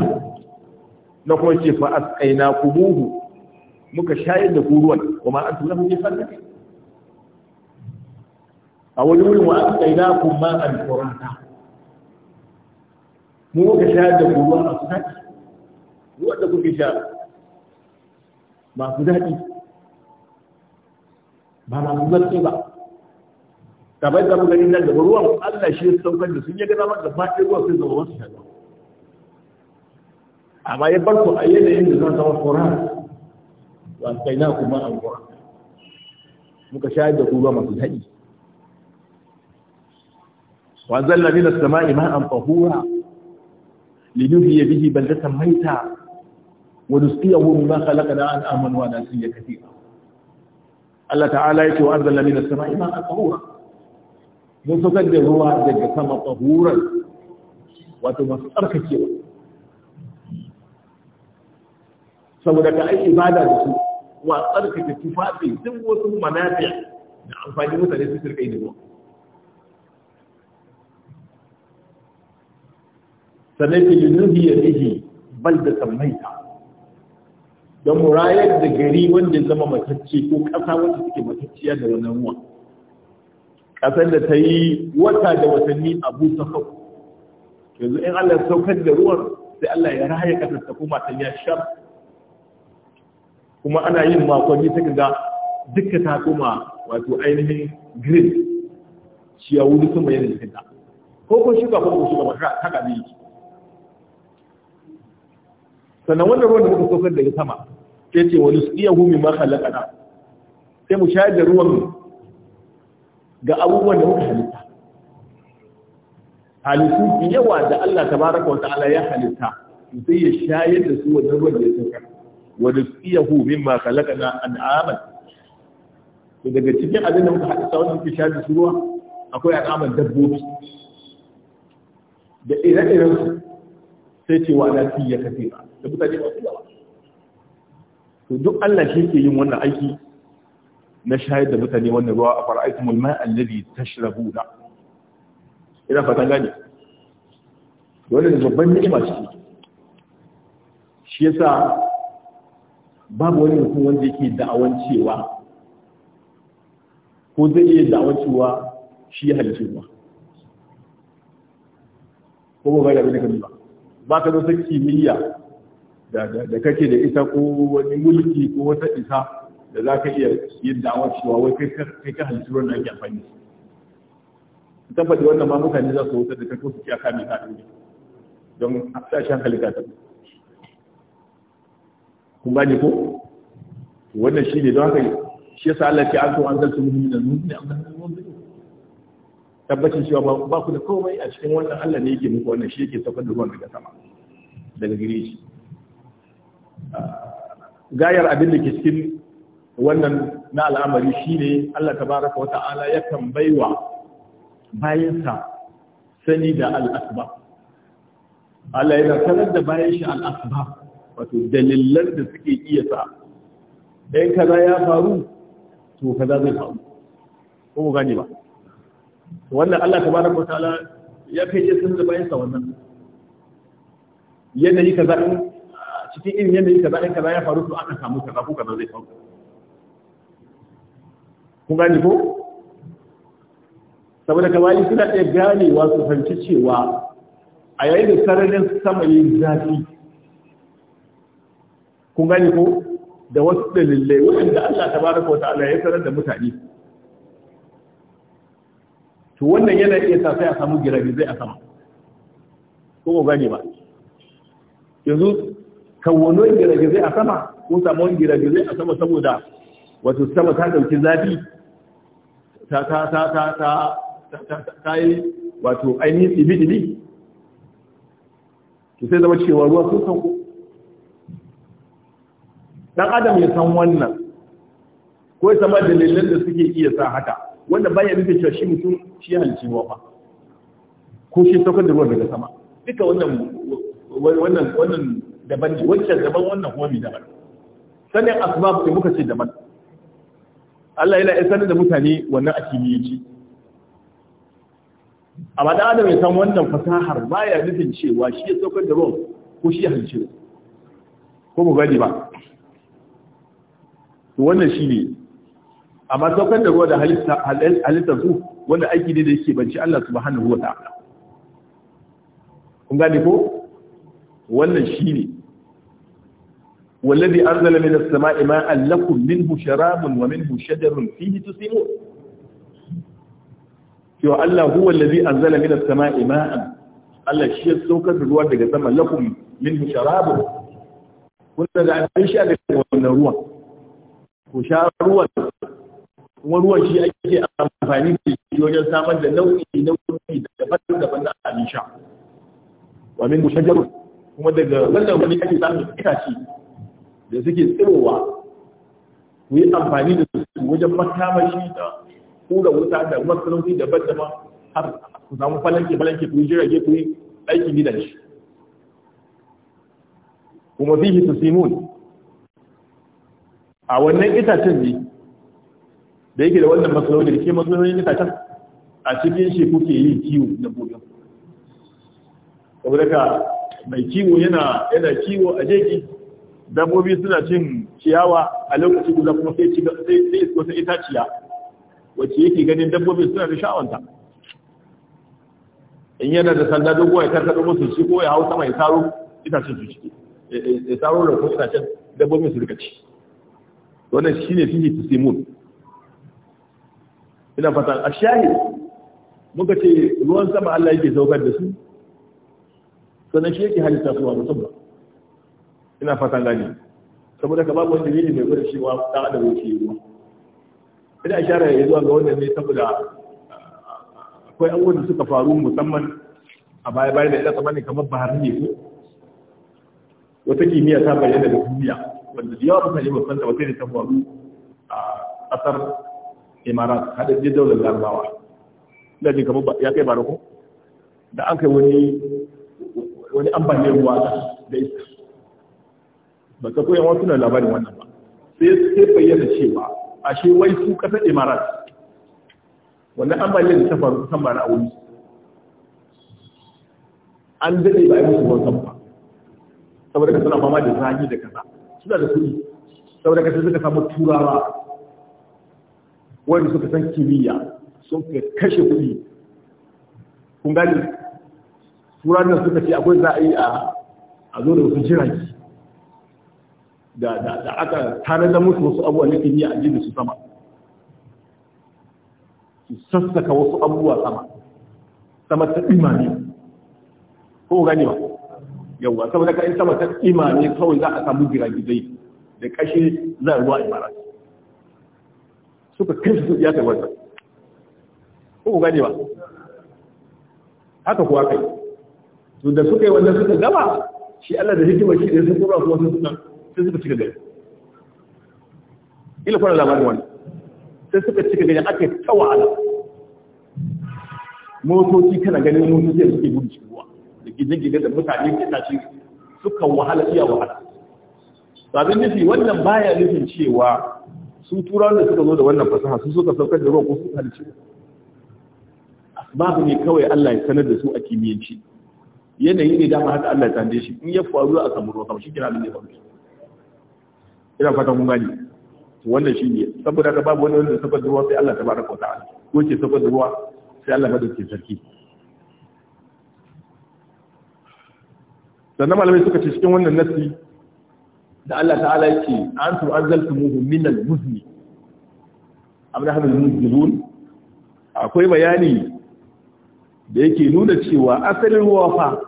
na kuma ce fa asqaina kumuhu muka shayar da ku ruwan kuma an tura muke farka a wani wurin wa asqaina kum ma al-qurata mu muka shayar da ruwa masu daɗi ruwan da kuke sha masu daɗi ba masu zarce ba Ta bai mu gani nan da ruwan Allah shi ya saukar da sun yi gana da faɗi ruwan sai zama wasu shaɗa amma ya bar ku a yanayin da zan zama ƙoran wa kai na kuma an ƙoran muka shayar da ruwa masu daɗi Wanzan zalla min as-sama'i ma'an tahura linuhiya bihi baldatan maita wa nusqiyahu mimma khalaqna an amanu wa nasiya kathira Allah ta'ala yake wa anzalna minas sama'i ma'an tahura mun saukar da ruwa daga sama wato saboda ka ai ibada da su wa tsarkake tufafi duk wasu manafiya da amfani mutane su turkai da ruwa sannan ki rihi bal da maita don mu da gari wanda zama matacce ko ƙasa wanda suke matacciya da wani ruwa ƙasar da ta yi wata da watanni a busa hau yanzu in Allah saukar da ruwan sai Allah ya raya ƙasar ta kuma ta ya shar kuma ana yin makonni ta ga duka ta kuma wato ainihin green ciyawu wuli sun yanayin ta ko ko shuka ko shuka ba ta gabi yi. sannan wannan ruwan da muka sokar daga sama sai ce wani su iya humi ma halakana sai mu shayar da ruwan ga abubuwan da muka halitta halittu yawa da Allah ta baraka wa ta'ala ya halitta sai ya shayar da su wannan ruwan da ya sokar wani su iya humi ma halakana da daga cikin abin da muka halitta wani muke shayar da su ruwa akwai al'aman dabbobi da ire-irensu sai ce wa alafi ya kafe ba da mutane masu yawa to duk Allah shi ke yin wannan aiki na shayar da mutane wannan ruwa a fara'aikum al-ma'a alladhi tashrabuna ina fatan gane dole da babban ni'ima ce shi yasa babu wani mutum wanda yake da'awan cewa ko zai iya da'awan cewa shi ya halice ruwa ko ba ga da ne da ba ba ka da wata kimiyya da kake da ita ko wani mulki ko wata isa da za ka iya yin da'awar cewa wai kai ka halittu ruwan ake amfani ta faɗi wannan ma mutane za su wutar da ta kusa ya kame ta ɗauke don a tashin halitta ta kun gane ko wannan shi ne don haka shi yasa Allah ke an so an zalta muhimmin da nuni an zarta muhimmin tabbacin cewa ba ku da komai a cikin wannan Allah ne yake muku wannan shi yake saukar da ruwan daga sama daga gire shi ah, gayar abin da ke cikin wannan na al'amari shine Allah tabaraka wa ta'ala ya kan bayansa sani da al'asbab Allah yana sanar da bayan shi al'asbab wato dalilan da suke iya sa ɗayan kaza ya faru to kaza zai faru ko gane ba wannan Allah tabaraka wa ta'ala ya fice sun da bayan sa wannan yanayi kaza cikin irin yanayi kaza in kaza ya faru to aka samu kaza ko kaza zai faru kun gani ko saboda kamar suna gane wa su fahimci cewa a yayin da sararin sama yi zafi kun gani ko da wasu dalilai wanda Allah baraka wa ta'ala ya sanar da mutane to wannan yana iya sa sai a samu giragizai a sama ko ba gane ba yanzu kawwanon giragizai a sama ko samuwan giragizai a sama saboda wato sama ta ɗauki zafi ta ta ta ta ta ta yi wato ainihin ɗibi ki to sai zama cewa ruwa sun sauko ɗan adam ya san wannan ko ya sama dalilan da suke iya sa haka wanda baya nufi cewa shi mutum shi ya halicci ruwa fa ko shi saukar da ruwan daga sama duka wannan wannan wannan daban ne wancan daban wannan kuma mai daban sanin asbab muka ce daban Allah yana ya sanar da mutane wannan a kimiyyaci amma da adam ya san wannan fasahar baya nufin cewa shi ya saukar da ruwan ko shi ya halicci ko mu gani ba Wannan shi ne. amma saukar da ruwa da halittar su wanda aiki ne da yake banci Allah subhanahu wa ta'ala kun gane ko wannan shine wallazi anzala minas sama'i ma'an lakum minhu sharabun wa minhu shajarun fihi tusimun cewa Allah huwa allazi anzala minas sama'i ma'an Allah shi ya saukar ruwa daga sama lakum minhu sharabun kun da an ruwa ku sha ruwan kuma ruwan shi ake amfani da shi wajen samar da nau'i nau'i daban-daban na abin sha wa min mushajaru kuma daga wannan wani ake samun itace da suke tsirowa ku yi amfani da su wajen makamashi da kura wuta da masarauti daban-daban har ku samu falanke falanke ku yi jirage ku yi aiki gidan shi kuma fihi tusimun a wannan itacen ne da yake da wannan matsaloli da ke matsaloli ne kacan a cikin shi kuke yi kiwo na bugun saboda mai kiwo yana yana kiwo a jeji dabbobi suna cin ciyawa a lokaci guda kuma sai ci sai sai wata itaciya wacce yake ganin dabbobi suna da sha'awanta in yana da sanda dogo ya karkaɗo musu shi ko ya hau sama ya taro itacen su ciki ya taro da kuma itacen dabbobin su wannan shi ne shine fihi tasimun ina fata a shahi muka ce ruwan sama Allah yake saukar da su sannan shi yake halitta su wani mutum ba ina fata gani saboda ka babu wanda yake mai wurin shi wa dan wuce yake ruwa ina shara ya zuwa ga wannan ne saboda ah, akwai abubuwan da suka faru musamman a baya bayan da tsama tsammanin kamar bahar ne ko wata kimiyya ta bayyana daga duniya wanda da yawa mutane ba san ta wata ne ta faru a ah, ƙasar imarat hada je daular larabawa da jin kamar ya kai barako da an kai wani ambaliyar ruwa da iska ba ka koyan wasu na labarin wannan ba sai ya bayyana cewa ashe wai su kasar imarat wannan ambaliyar da ta faru kusan ba na aure an daɗe ba a yi musu wasan ba saboda ka suna fama da zagi da kasa suna da kuɗi saboda ka sai suka samu turawa wanda suka san kimiyya sun ka kashe kuɗi kun gani turanin suka ce akwai za a yi a zo da wasu jiragi da aka tare da musu wasu abuwa na kimiyya a jirgin su sama su sassaka wasu abubuwa sama sama ta imani ko gani ba yauwa saboda ka in sama ta imani kawai za a samu giragizai da kashe za a ruwa imarati suka kashe su ya ta ko ku gani ba haka kuwa kai to da suka yi wanda suka gama shi Allah da hikima shi da sun kura kuma sun suka sai suka cika gari ila kwanar labarin wani sai suka cika gari aka yi tawa ala motoci kana ganin motoci da suke gudu cikin ruwa da gine-gine da mutane tashi sukan wahala iya wahala sabin nufi wannan baya nufin cewa su tura da suka zo da wannan fasaha su suka saukar da roƙo ko su ba su ne kawai Allah ya sanar da su a kimiyyanci yanayi ne dama haka Allah ya tande shi in ya faru a samu ruwa kamar shi kira ne faru ina fata mun gani wannan shi ne saboda haka babu wani wanda ya saukar da ruwa sai Allah tabaraka wa ta'ala ko ke saukar da ruwa sai Allah ke sarki sannan malamai suka ce cikin wannan nasi da Allah ta'ala yake an anzaltumuhu min al-muzni am nahnu al-munzilun akwai bayani da yake nuna cewa asalin ruwa fa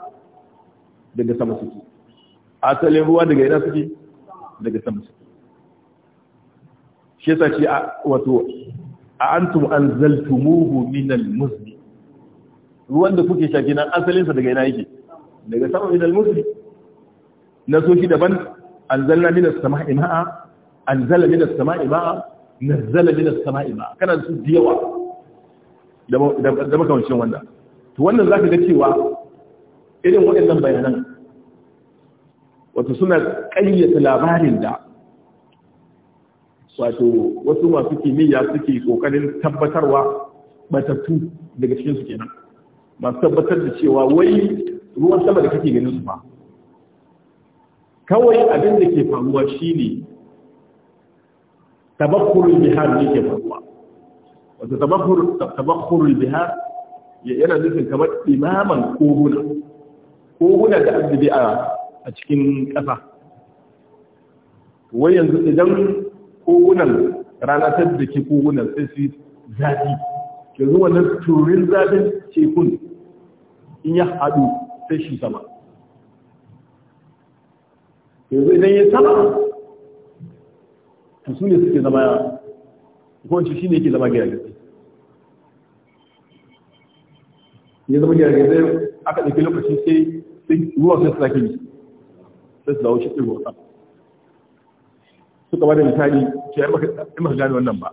daga sama suke asalin ruwa daga ina suke daga sama suke shi yasa a wato a antum anzaltumuhu min al-muzni ruwan da kuke shaki nan asalin sa daga ina yake daga sama min al-muzni na so shi daban anzalna minas sama'i ma'a anzala minas sama'i ma'a nazzala minas sama'i ma'a kana su da yawa da makamancin wanda to wannan zaka ga cewa irin waɗannan bayanan wato suna ƙayyata labarin da wato wasu masu kimiyya suke kokarin tabbatarwa batattu daga cikin su kenan masu tabbatar da cewa wai ruwan sama da kake ganin su ba kawai abin da ke faruwa shine tabakkurul bihar ke faruwa wata tabakkurul bihar yana nufin kamar imaman koguna koguna da azubi a cikin ƙasa wai yanzu idan kogunan rana ta ke kogunan sai su zafi yanzu na turin zafin tekun in ya haɗu sai shi sama yanzu idan ya saba to su ne suke zama kwanci shi ne ke zama giragizai ya zama giragizai aka ɗauki lokaci sai ruwa sai su sake yi sai su dawo shi ɗin ruwa suka ba da misali ce ya maka gane wannan ba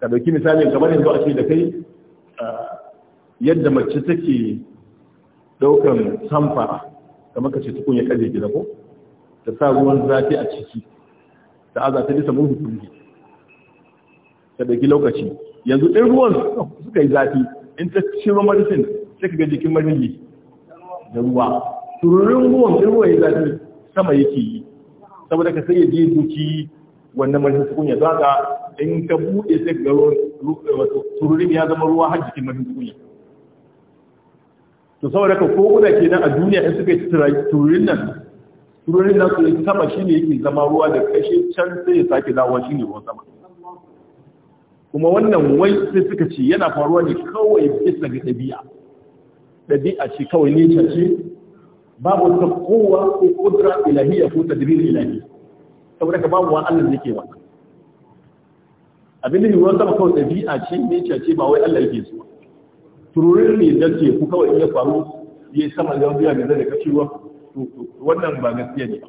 ka ɗauki misali kamar yanzu a ce da kai yadda mace take ɗaukan samfa kamar ka ce tukun ya kaje gida ko ta sa ruwan zafi a ciki ta aza ta bisa mun ne ta ɗauki lokaci yanzu ɗin ruwan suka yi zafi in ta ruwan marisin sai ka ga jikin marini da ruwa tururin ruwan ɗin ruwan ya zafi sama yake yi saboda ka sai ya je duki wannan marisin tukunya don haka in ka buɗe sai ga tururin ya zama ruwa har jikin marisin tukunya to saboda ka ko kuna kenan a duniya in suka yi tururin nan turorin da su yi sama shi ne yake zama ruwa da kashe can sai ya sake dawowa shi ne ruwan sama kuma wannan wai sai suka ce yana faruwa ne kawai bisa ga ɗabi'a ɗabi'a ce kawai ne ce babu ta kowa ko kudura ilahiyya ko tadbir ilahi saboda ka babu wa Allah yake wa abin da ruwan sama kawai ɗabi'a ce ne ce ba wai Allah yake so turorin ne da ce ku kawai iya faru yayi sama da wani da zai da kashewa wannan ba gaskiya ne ba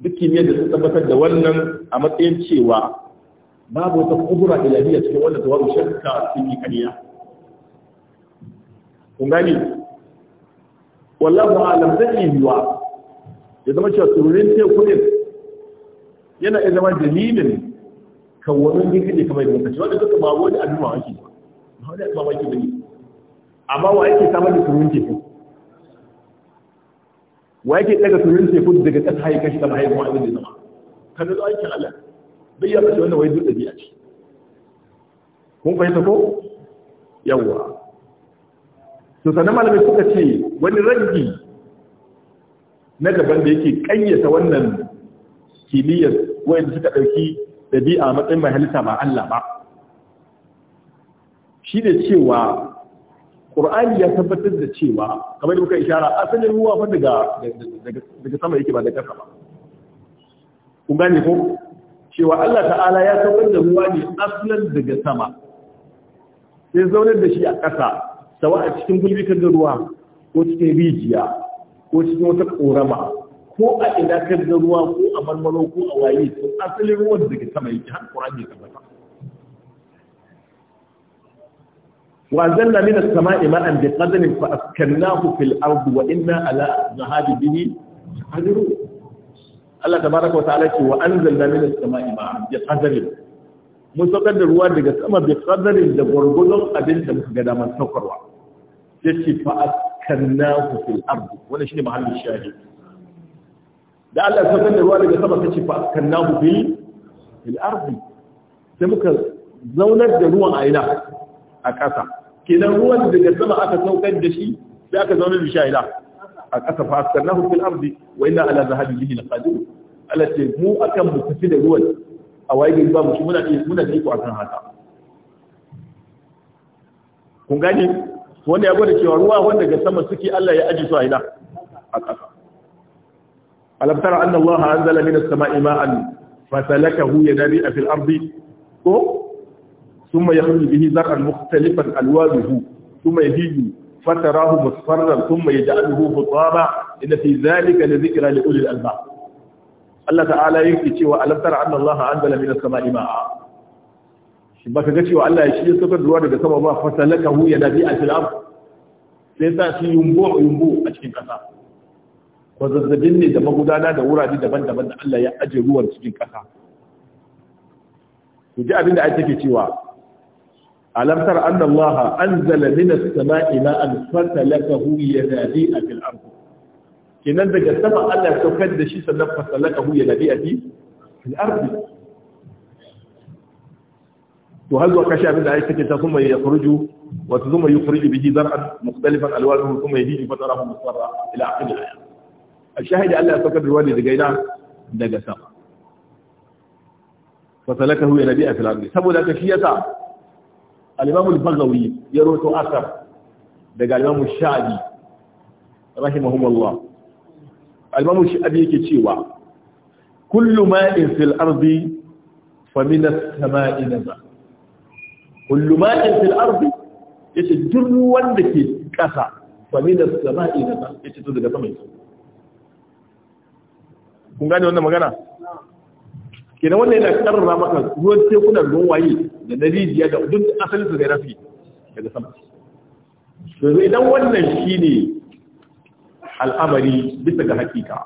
duk kimiyyar da ta tabbatar da wannan a matsayin cewa babu wata kubura ilahiyya cikin wannan tawaru shakka cikin kariya kun gani wallahu alam zan yi yiwa ya zama cewa tururin teku ne yana iya zama dalilin kawarin ne kamar yadda muka ce wanda duka ba wani abin mamaki ba wani abin mamaki ba ne amma wa yake samar da ke teku wa yake daga turin teku daga ƙasa haika shi sama haika wani da zama kan da aikin Allah bai ya fashe wannan wai duk ɗabi'a ce kun fahimta ko yawwa to sanan malamai suka ce wani rangi na gaban da yake kayyata wannan kimiyyar da suka ɗauki ɗabi'a matsayin mai halitta ba Allah ba shi ne cewa qur'ani ya tabbatar da cewa kamar da muka ishara asalin ruwa fa daga daga sama yake ba da ƙasa ba kun gane ko cewa Allah ta'ala ya tabbatar da ruwa ne asalin daga sama sai zaunar da shi a ƙasa sawa a cikin gulbi kan ruwa ko cikin rijiya ko cikin wata ƙorama ko a ina kan ruwa ko a marmaro ko a waye to asalin ruwan daga sama yake har ƙur'ani ya tabbatar. وأنزلنا من السماء ماء بقدر فأسكناه في الأرض وإنا على ذهاب به قادرون الله تبارك وتعالى وأنزلنا من السماء ماء بقدر مستقد الواد قسم بقدر لبرغلق أدل تمسجد من سكر يتي فأسكناه في الأرض ولا شيء محل الشاهد da Allah ya san da ruwa daga sama kace fa kannahu bil bil ardi sai muka zaunar da ruwan a ina a kasa kenan ruwan daga sama aka saukar da shi sai aka zauna da shi a ƙasa fa askarnahu fil ardi wa inna ala zahabi bihi laqadir Allah ce mu akan mu tafi da ruwan a waye gari ba mu shi muna muna da iko akan haka kun gane wanda ya gwada cewa ruwa wanda daga sama suke Allah ya aji su a ina a ƙasa alam tara anna Allah anzala minas sama'i ma'an fasalakahu yanabi'a fil ardi ko ثم يخرج به زرعا مختلفا ألوانه ثم يهيج فتراه مصفرا ثم يجعله حطاما إن في ذلك لذكرى لأولي الألباب Allah ta'ala yake cewa alam tara anna Allah anzala minas sama'i ma'a ba ka ga cewa Allah ya shi ya saukar ruwa daga sama ba fasalakahu ya dabi a filam? sai sa shi yumbo yumbo a cikin ƙasa. ko zazzabin ne da magudana da wurare daban-daban da Allah ya aje ruwan cikin ƙasa. ku ji abin da ake cewa ألم تر أن الله أنزل من السماء ماء فسلكه ينابيئة في الأرض كي ننزل السماء ألا تكدش سنب فسلكه ينابيئة في الأرض وهل وكشى من عيسى ثم يخرج وثم يخرج به زرعا مختلفا ألوانه ثم يهيج فتراه مصرا إلى آخر الآية الشاهد ألا تكد الوالد جينا نجا سما فسلكه ينابيئة في الأرض سبو ذلك شيئة Alimamul imam ya roto asar daga alimamul imam shabi rahimahumullah al yake cewa kullu ma'in fil ardi fa min as-sama'i nazaa kullu ma'in fil ardi yace duk wanda ke kasa fa min as-sama'i nazaa yace to daga sama yake kun gane wannan magana kenan wannan yana karrama maka ruwan tekunan ruwan waye da na rijiya da duk asalin su da rafi daga sama yanzu idan wannan shine al'amari bisa ga hakika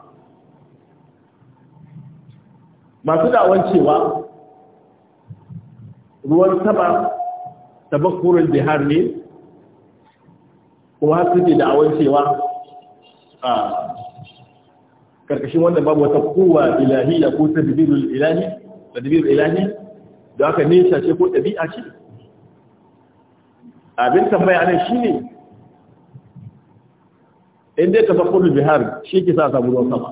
masu da'awan cewa ruwan sama tabakkurin jihar ne kuma ke da'awan cewa a karkashin wannan babu wata kowa ilahi da ko tadbirul ilahi tadbirul ilahi don haka nesa ce ko ɗabi'a ce abin tambaya ne shi ne inda ka kasa kudu bihar shi ke sa samu ruwan sama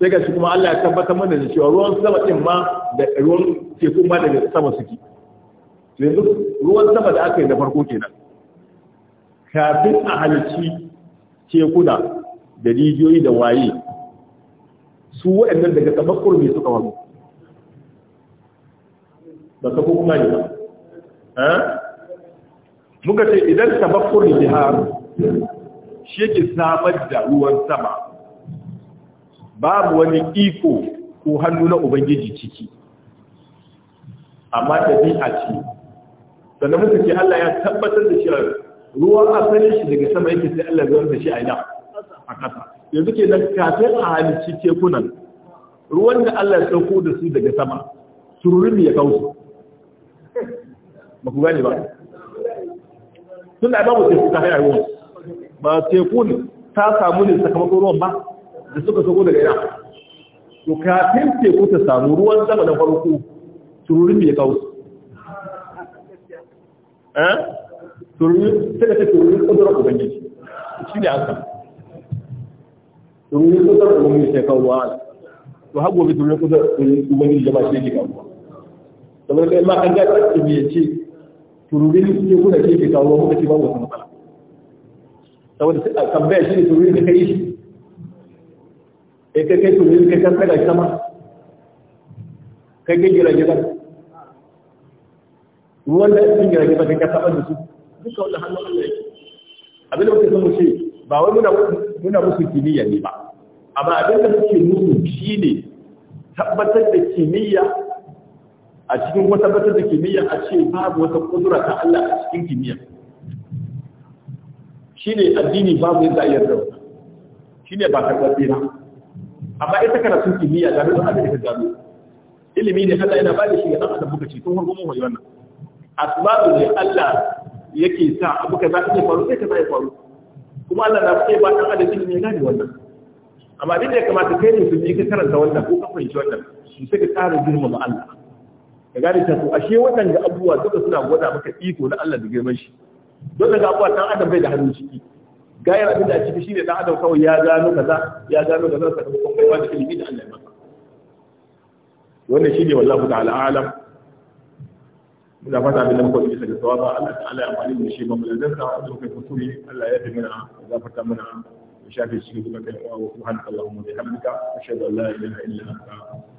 sai ga shi kuma allah ya tabbatar mana da cewa ruwan sama ɗin ma da ruwan teku ma daga sama suke yanzu ruwan sama da aka yi na farko kenan kafin a halici tekuna da rijiyoyi da waye su waɗannan daga tsabar kurmi suka wani ba ka kuma ne ba muka ce idan tabakkur jihar shi ke samar da ruwan sama babu wani iko ko hannu na ubangiji ciki amma tabi'a ce sannan muka ce Allah ya tabbatar da shi ruwan asalin shi daga sama yake sai Allah zuwa da shi a ina a kasa yanzu ke nan kafin a halicci tekunan ruwan da Allah ya sauko da su daga sama sururin ya kawo ba ku gane ba tun da babu teku kafin a ruwan ba tekun ta samu ne sakamakon ruwan ba da suka sako daga ina to kafin teku ta samu ruwan sama na farko tururin mai kawo eh tururin sai da ta tururin kudurar ubangiji shi ne an samu tururin kudurar ubangiji sai kawo ba. to har gobe tururin kudurar ubangiji jama'a shi ne kawo saboda kai ma an ga tsarki mai ce tururin kuke kuna ke ke kawo muka ce babu wata matsala saboda tambaya shi ne tururin da kai shi kai kai kai tururin kai kan tsaga sama kai kai gira gira ruwan da cikin gira gira kai ka saba da su duka wannan hannun Allah yake abin da muke son mu ce ba wai muna muna musu kimiyya ne ba amma abin da muke musu shine tabbatar da kimiyya a cikin wata batar da kimiyya a ce babu wata kudura ta Allah a cikin kimiyya Shi ne addini babu yadda ya shi ne ba karɓar dina amma ita kana sun kimiyya da abin da ka gano ilimi ne Allah yana bada shi ga dan adam bukaci tun farko mun wannan asbabu ne Allah yake sa abu ka za a ya faru sai ka zai faru kuma Allah na fice ba dan adam ilimi ne gane wannan amma abin da ya kamata kai ne su yi ka karanta wannan ko ka fahimci wannan su sai ka tsara girmama Allah ka gane ta so ashe waɗanda abubuwa duka suna gwada maka iko na Allah da girman shi don daga abubuwa ɗan adam bai da hannun ciki gayar abin da a ciki shine ɗan adam kawai ya gano kaza ya gano kaza sakamakon baiwa da ilimi da Allah ya maka wannan shine wallahu ta'ala alam muna fata abin da muka yi daga sawaba Allah ta'ala ya amfani da shi ba mu da zanka wanda muka kusuri Allah ya fi mana ya fata mana ya shafe shi duka kai wa subhanakallahumma wa bihamdika ashhadu an la ilaha illa anta